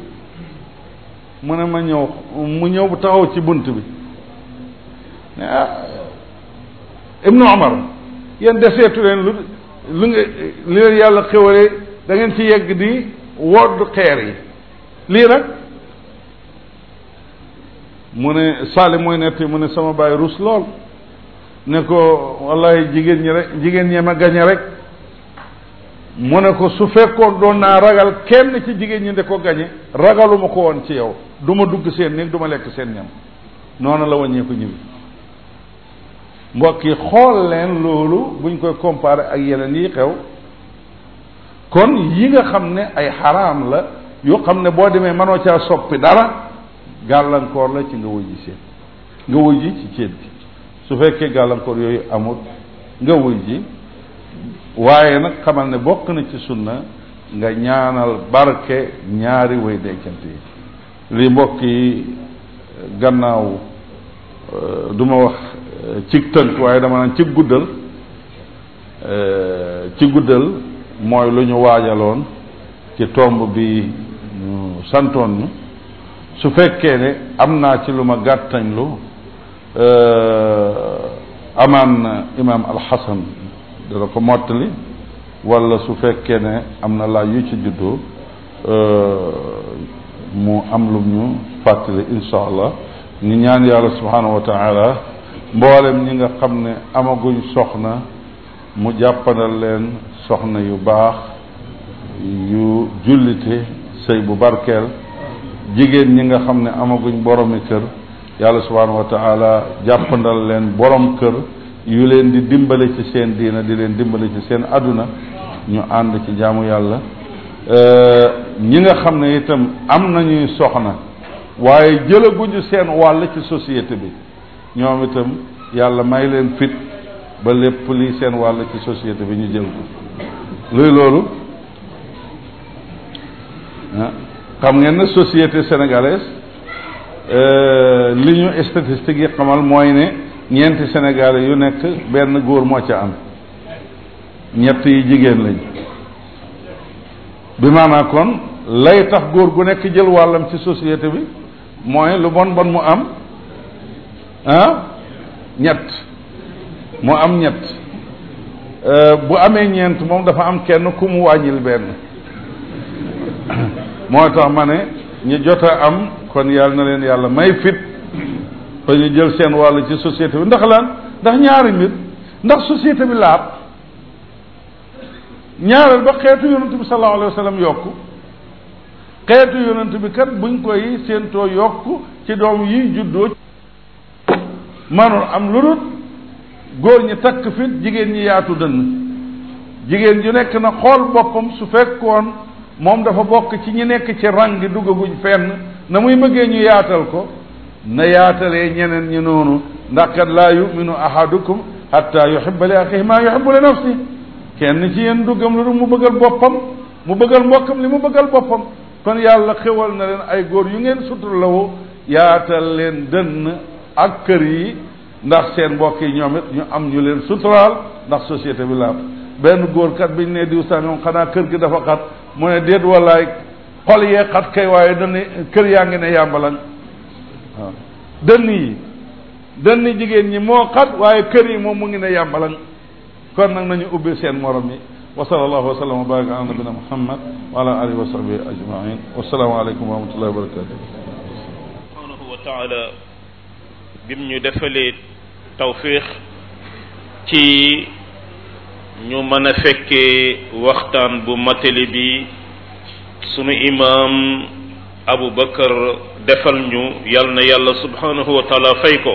mu ne ma ñëw mu ñëw bu taxaw ci bunt bi ne ah ibnu omar yéen leen lu lu nga li leen yàlla xéwalee dangeen ngeen ci yegg di wodd xeer yi lii nag mu ne Salim mooy nett mu ne sama baay rus lool ne ko wallahi jigéen ñi rek jigéen ñee ma gañe rek mu ne ko su fekkoon doon naa ragal kenn ci jigéen ñi de ko gañe ragaluma ko woon ci yow du ma dugg seen néeg duma lekk seen ñam noonu la wàññeeku ñibbi mbokk yi xool leen loolu buñ koy comparer ak yeneen yi xew kon yi nga xam ne ay xaraam la yoo xam ne boo demee mënoo caa soppi dara gàllankoor la ci nga wuy ji seet nga wuy ji su fekkee gàllankoor yooyu amul nga wuy ji waaye nag xamal ne bokk na ci sunna nga ñaanal barke ñaari way dencante yi li mbokk yi gannaaw euh, duma wax euh, ci tënk waaye dama naan ci guddal euh, ci guddal mooy lu ñu waajaloon ci tomb bi ñu santoon ñu su fekkee ne am naa ci lu ma gàttañ lu euh, amaan na imaam alxasan dana ko mottali wala su fekkee ne am na laaj yu ci juddoo euh, mu am lu ñu fàttali insha allah ñu ñaan yàlla subhaanahu wa taala mboolem ñi nga xam ne amaguñ soxna mu jàppandal leen soxna yu baax yu jullite sëy bu barkeel jigéen ñi nga xam ne amaguñ boromi kër yàlla subhaanahu wa jàppandal leen borom kër yu leen di dimbale ci seen diina di leen dimbale ci seen adduna ñu ànd ci jaamu yàlla euh, ñi nga xam ne itam am nañuy soxna waaye jëlaguñu seen wàll ci société bi ñoom itam yàlla may leen fit ba lépp li seen wàll ci société bi ñu jël ko luy loolu ah, xam ngeen ne société sénégalaise euh, li ñu statistiques yi xamal mooy ne ñeenti sénégalais yu nekk benn góor moo ca am ñett yi jigéen lañ bi maanaa kon lay tax góor gu nekk jël wàllam ci société bi mooy lu bon bon mu am ah ñett mu am ñett euh, bu amee ñeent moom dafa am kenn ku mu wàññil benn moo tax ma ne ñu jot a am kon yàlla na leen yàlla may fit ba ñu jël seen wàll ci société bi ndax lan ndax ñaari mbir ndax société bi laab ñaareel ba xeetu yonent bi sallallahu alayhi wa sallam yokku xeetu yonent bi kat buñ koy séentoo yokk ci doom yi juddoo manoon am lu dul góor ñi takk fit jigéen ñi yaatu dënn jigéen ju nekk na xool boppam su fekkoon moom dafa bokk ci ñi nekk ci rang gi duggaguñ fenn na muy bëggee ñu yaatal ko na yaatalee ñeneen ñi noonu ndax kat laa yuminu ahadukum hatta yuhibba li maa yuhibbu li nafsi kenn ci yéen mu bëggal boppam mu bëggal mbokkam li mu bëggal boppam kon yàlla xéwal na leen ay góor yu ngeen suturlawoo yaatal leen dënn ak kër yi ndax seen mbokk yi ñoom it ñu am ñu leen suturaal ndax société bi laab benn góor kat biñ ne diw sàngam xanaa kër gi dafa xat mu ne déet wallaay xol yee xat kay waaye dana kër yaa ngi ne yàmbalan dënn yi dënn jigéen ñi moo xat waaye kër yi moom mu ngi ne yàmbalan kon nag nañu ubbi seen morom yi wa sallallahu wa sallam wa baraka ala nabina muhammad wa ala alihi wa sahbihi aleykum wa rahmatullahi wa barakatuh subhanahu wa taala bim ñu defalee tawfiq ci ñu mën a fekkee waxtaan bu matali bi sunu imaam Abu Bakar defal ñu yal na yàlla subhaanahu wa ko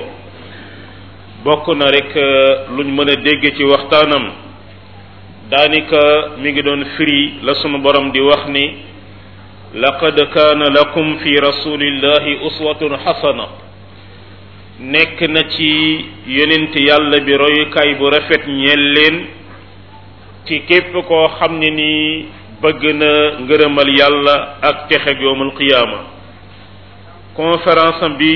bokk na rekk rek euh, luñ mën a dégg ci waxtaanam daanika mi ngi doon firi la sunu borom di wax ni laqad kaana lakum fi rasulillahi uswatun xasana nekk na ci yeneen yonent yàlla bi royukaay bu rafet ñeel leen ci képp ko xam ni nii bëgg na ngërëmal yàlla ak texeg yowmal qiyaama conférence bi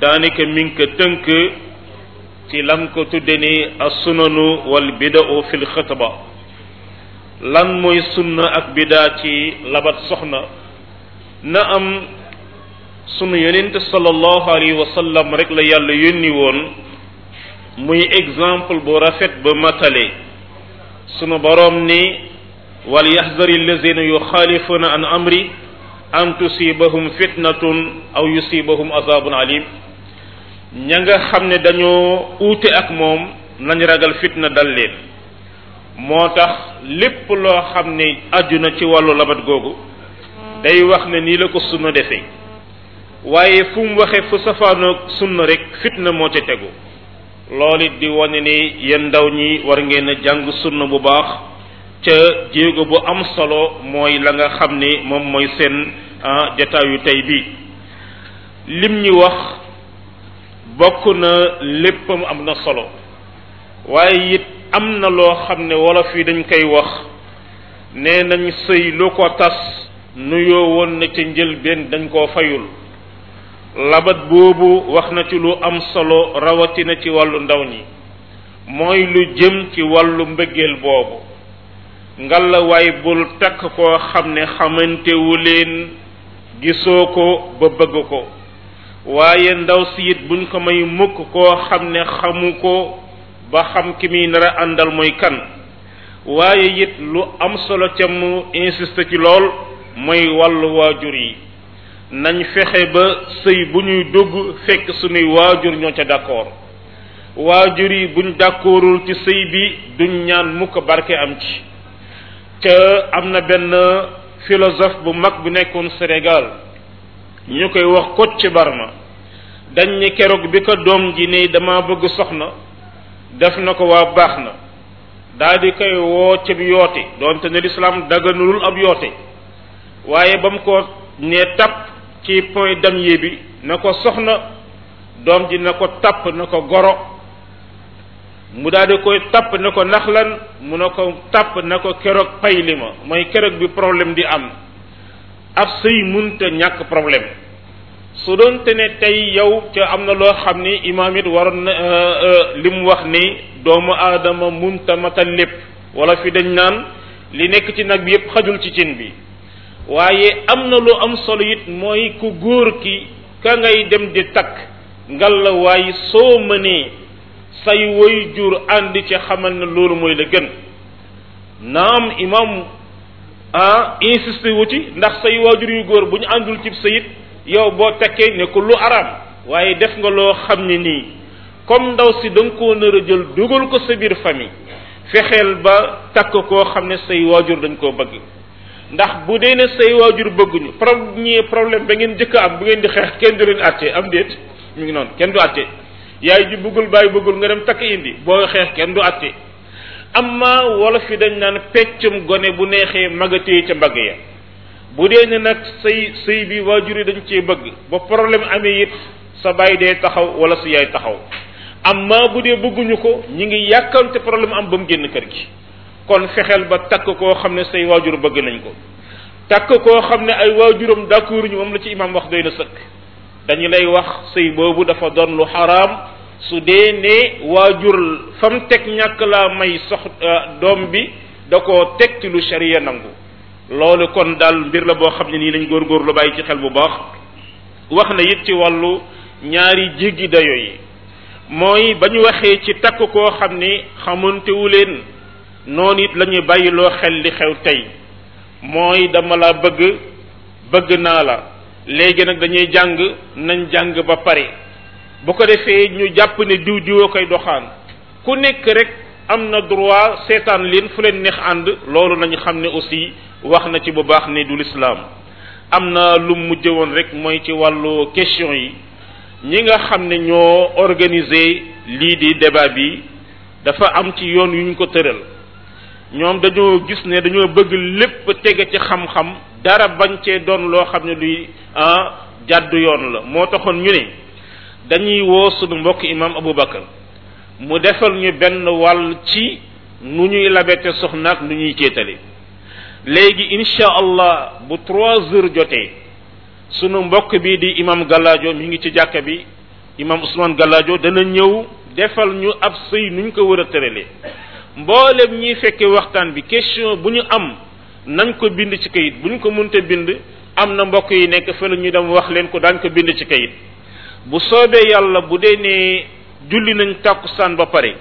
daanaka mi ngi ko tënk ci lam ko tudde ni assunanu wal bidau fil xutba lan mooy sunna ak bidaa ci labat soxna na am sunu yonent sallallahu alayhi wa sallam rek la yàlla yónni woon muy exemple bu rafet ba matale sunu boroom ni wal yaxdari allazina yuxaalifuna an amri an tusibahum fitnatun aw yusibahum azabun alim ña nga xam ne dañoo uute ak moom nañ ragal fitna dal leen moo tax lépp loo xam ne aju ci wàllu labat googu day wax ne nii la ko sunna defee waaye fu mu waxee fu safaanoog sunna rek fitna moo ca tegu lool it di wane ni yéen ndaw ñi war ngeen a jàng sunna bu baax ca jéego bu am solo mooy la nga xam ni moom mooy seen ah, jataayu tey bi lim ñi wax bokk na léppam am na solo waaye it am na loo xam ne wolof fii dañ koy wax nee nañ sëy lu ko tas nuyoo woon na ca njëlbeen dañ koo fayul labat boobu wax na ci lu am solo rawatina ci wàllu ndaw ñi mooy lu jëm ci wàllu mbëggeel boobu ngalla waay bul takk koo xam ne xamantewu leen gisoo ko ba bëgg ko waaye ndaw si it buñ ko may mukk koo xam ne xamu ko ba xam ki muy nar a àndal mooy kan waaye it lu am solo ca mu insiste ci lool mooy wàllu waajur yi nañ fexe ba sëy bu ñuy dugg fekk suñuy waajur ñoo ca d'accord waajur yi buñ d'accordul ci sëy bi duñ ñaan mukk barke am ci te am na benn philosophe bu mag bu nekkoon Sénégal ñu koy wax ci barna dañ ne keroog bi ko doom ji nii dama bëgg soxna def na ko waa baax na daal di koy woo ci yoote doonte ne lislaam daganulul ab yoote waaye ba mu ko nee tàpp ci point damier bi na ko soxna doom ji na ko tàpp na ko goro mu daal di koy tàpp na ko naxlan mu na ko tàpp na ko keroog pay li ma mooy keroog bi problème di am ab sëy munta ñàkk problème su doonte ne tey yow ca am na loo xam ni imaam it waroon na euh, euh, li mu wax ni doomu aadama munta matal lépp wala fi dañ naan li nekk ci nag bi yépp xajul ci cin bi waaye am na lu am solo it mooy ku góor ki ka ngay dem di takk ngal la waaye soo mënee say woy jur ànd ci xamal ne loolu mooy la gën naam imam ah insisté wu ci ndax say waajur yu góor bu ñu àndul cib sayit yow boo tekkee ne ko lu araam waaye def nga loo xam ne nii comme ndaw si da ko koo a jël dugal ko sa biir famille fexeel ba takk koo xam ne say waajur dañ koo bëgg ndax bu dee ne say waajur bëgguñu problème problème ba ngeen jëkk am bu ngeen di xeex kenn du leen àtte am déet mu ngi noonu kenn du àtte yaay ju bëggul bàyyi bëggul nga dem takk indi boo xeex kenn du àtte amma wala fi dañ naan peccum gone bu neexee magatee ca mbagg ya bu dee ne nag sëy sëy bi waajur yi dañu cee bëgg ba problème amee it sa baay dee taxaw wala sa yaay taxaw amma bu dee bëgguñu ko ñi ngi yàkkamte problème am ba mu génn kër gi kon fexeel ba takk koo xam ne say waajur bëgg nañ ko takk koo xam ne ay waajuram d'accord ñu moom la ci imam wax doy na sëkk dañu lay wax sëy boobu dafa doon lu xaraam su dee ne waajur fa mu teg ñàkk laa may sox euh, doom bi da ko teg ci lu sharia nangu loolu kon daal mbir la boo xam ne nii lañ góorgóorlu bàyyi ci xel bu baax wax na it ci wàllu ñaari jéggi dayo yi mooy ba ñu waxee ci takk koo xam ne xamante leen noonu it la ñuy bàyyiloo xel li xew tey mooy dama la bëgg bëgg naa la léegi nag dañuy jàng nañ jàng ba pare bu ko defee ñu jàpp ni diw diwoo koy doxaan ku nekk rek am na droit seetaan leen fu leen neex ànd loolu nañu xam ne aussi wax na ci bu baax ne du lislaam am na lu mujj woon rek mooy ci wàllu question yi ñi nga xam ne ñoo organiser lii di débat bi dafa am ci yoon yu ñu ko tëral ñoom dañoo gis ne dañoo bëgg lépp tege ci xam-xam dara bañ cee doon loo xam ne luy ah jàddu yoon la moo taxoon ñu ne dañuy woo sunu mbokk imam Aboubacar mu defal ñu benn wàll ci nu ñuy labete soxnaak nu ñuy céetale léegi incha allah bu trois heures jotee sunu mbokk bii di imam Gallaajo mi ngi ci jàkka bi imam Ousmane Gallaajo dana ñëw defal ñu ab sëy nuñ ko war a tëralee mboolem ñiy fekkee waxtaan bi question bu ñu am nañ ko bind ci kayit bu ñu ko mënta bind am na mbokk yi nekk fële ñu dem wax leen ko daañ ko bind ci kayit bu soobee yàlla bu dee ne julli nañ tàkkusaan ba pare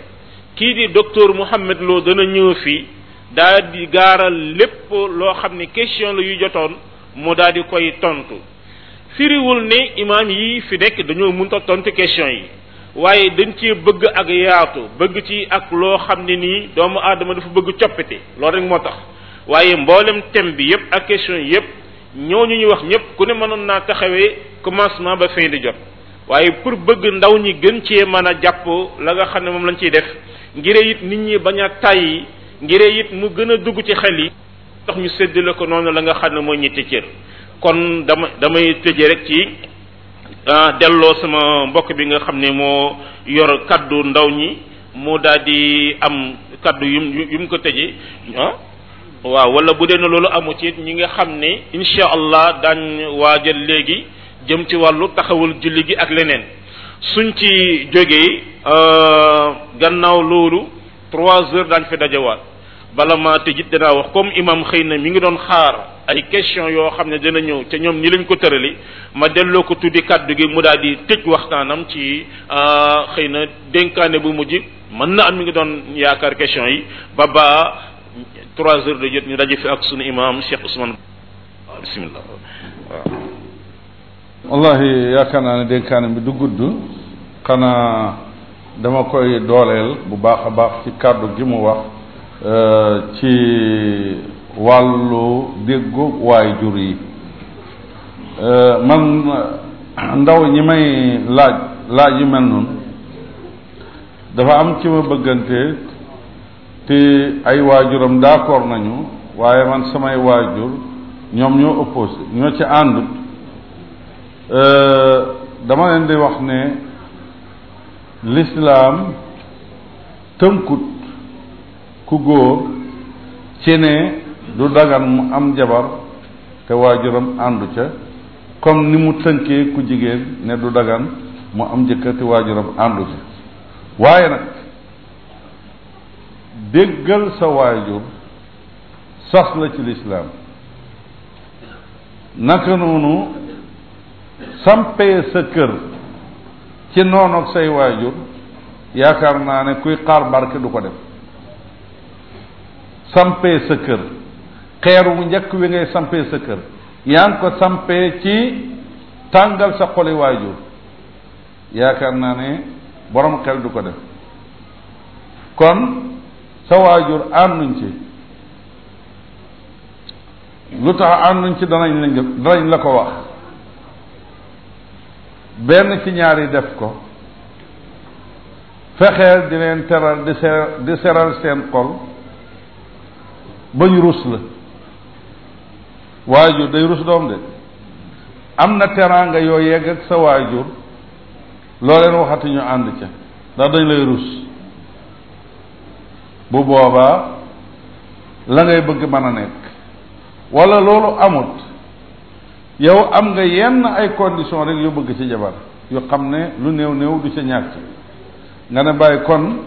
kii di docteur Mouhamed loo dana ñëw fii daal di gaaral lépp loo xam ne question la yu jotoon mu daal di koy tontu firiwul ne imaam yi fi nekk dañoo mënta tontu question yi waaye dañ cee bëgg ak yaatu bëgg ci ak loo xam ne nii doomu aadama dafa bëgg coppite loolu rek moo tax waaye mboolem thème bi yépp ak question yépp ñooñu ñu wax ñépp ku ne mënoon naa taxawee commencement ba fin di jot waaye pour bëgg ndaw ñi gën cee mën a jàpp la nga xam ne moom lañ ciy def ngir it nit ñi bañ a tàyyi ngir it mu gën a dugg ci xel yi ndox ñu séddale ko noonu la nga xam ne mooy ñetti cër kon dama damay tëje rek ci Ah, delloo sama mbokk bi nga xam ne moo yor kaddu ndaw ñi moo daal di am kàddu yu mu yu mu ko tëjee ah waaw wala bu dee ne loolu amu ci ñi nga xam ne incha allah daañ waajal léegi jëm ci wàllu taxawul julli gi ak leneen suñ ci jógee ah, gannaaw loolu trois heures daañ fi dajawaat bala maa tëjit danaa wax comme imam xëy na mi ngi doon xaar ay question yoo xam ne dana ñëw ca ñoom ni lañ ko tërali ma delloo ko tuddi kàddu gi mu daal di tëj waxtaanam ci euh, xëy na dénkaane bu mujj mën na am mi ngi doon yaakaar question yi ba baa trois heures de jot ñu daje fi ak sunu imam Cheikh Ousmane bismillah waaw wallahi yaakaar naa ne dénkaane bi du gudd xanaa dama koy dooleel bu baax baax ci kàddu gi mu wax Euh, ci wàllu déggu waay jur yi euh, man ndaw ñi may laaj laaj yu mel noonu dafa am ci ma bëggante te ay waajuram d'accord nañu waaye man samay waajur ñoom ñoo opposé ñoo ci àndut euh, dama leen di wax ne l'islam tënkut ku góor ci ne du dagan mu am jabar te waajuram àndu ca comme ni mu tënkee ku jigéen ne du dagan mu am jëkkër te waajuram àndu ca waaye nag déggal sa waajur sas la ci lislaam naka noonu sampee sa kër ci noonu say waajur yaakaar naa ne kuy xaar barke du ko def sampee sa kër xeer wu njëkk bi ngay sampee sa kër yaa ngi ko sampee ci tàngal sa xoli waajur yaakaar naa ne borom xel du ko def kon sa waajur ànduñ ci lu tax ànduñ ci danañ la danañ la ko wax benn ci ñaari def ko fexeel di leen teral di ser di seral seen xol bañ ruus la waajur day rus doom de am na teraanga yoo yegg ak sa waajur loo leen ànd ca ndax dañ lay ruus bu boobaa la ngay bëgg mën a nekk wala loolu amut yow am nga yenn ay condition rek yu bëgg ci jabar yu xam ne lu néew néew du ci ñàkk nga ne bàyyi kon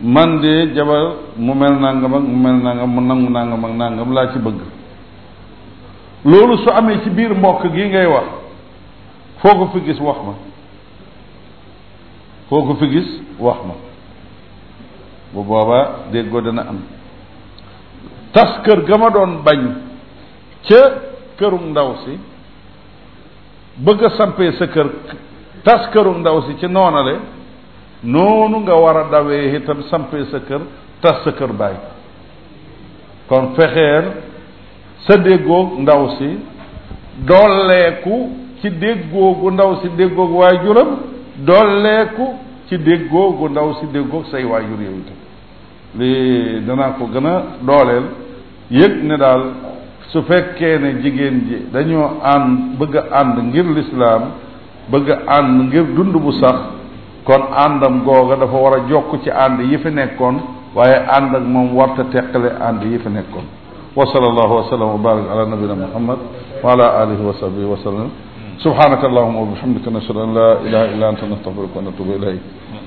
man de jabar mu mel nangam mu mel nangam mu nangu nangam ak nangam laa ci bëgg loolu su amee ci biir mbokk gi ngay wax foo ko fi gis wax ma foo ko wax ma bu boobaa déggoo dana am tas kër ga ma doon bañ ca kërum ndaw si bëgg a sa kër tas kërum ndaw si ci noonale noonu nga war a dawee itam sampee sa kër tas sa kër bàyyi kon fexeel sa déggoog ndaw si dolleeku ci déggoogu ndaw si déggoog waajuram dolleeku ci déggoogu ndaw si déggoog say waajur yow itam li danaa ko gën a dooleel yëg ne daal su fekkee ne jigéen ji dañoo ànd bëgg ànd ngir lislaam bëgg ànd ngir dund bu sax kon àndam googa dafa war a jokk ci ànd yi fi nekkoon waaye ànd ak moom warta teqale ànd yi fi nekkoon wa sallallahu wa sallam wa barak ala nabina muhammad wa ala alihi wa sahbihi wa sallam subhanaka allahuma wa bihamdika nashhadu an la ilaha illa anta nastaghfiruka wa natubu ilayk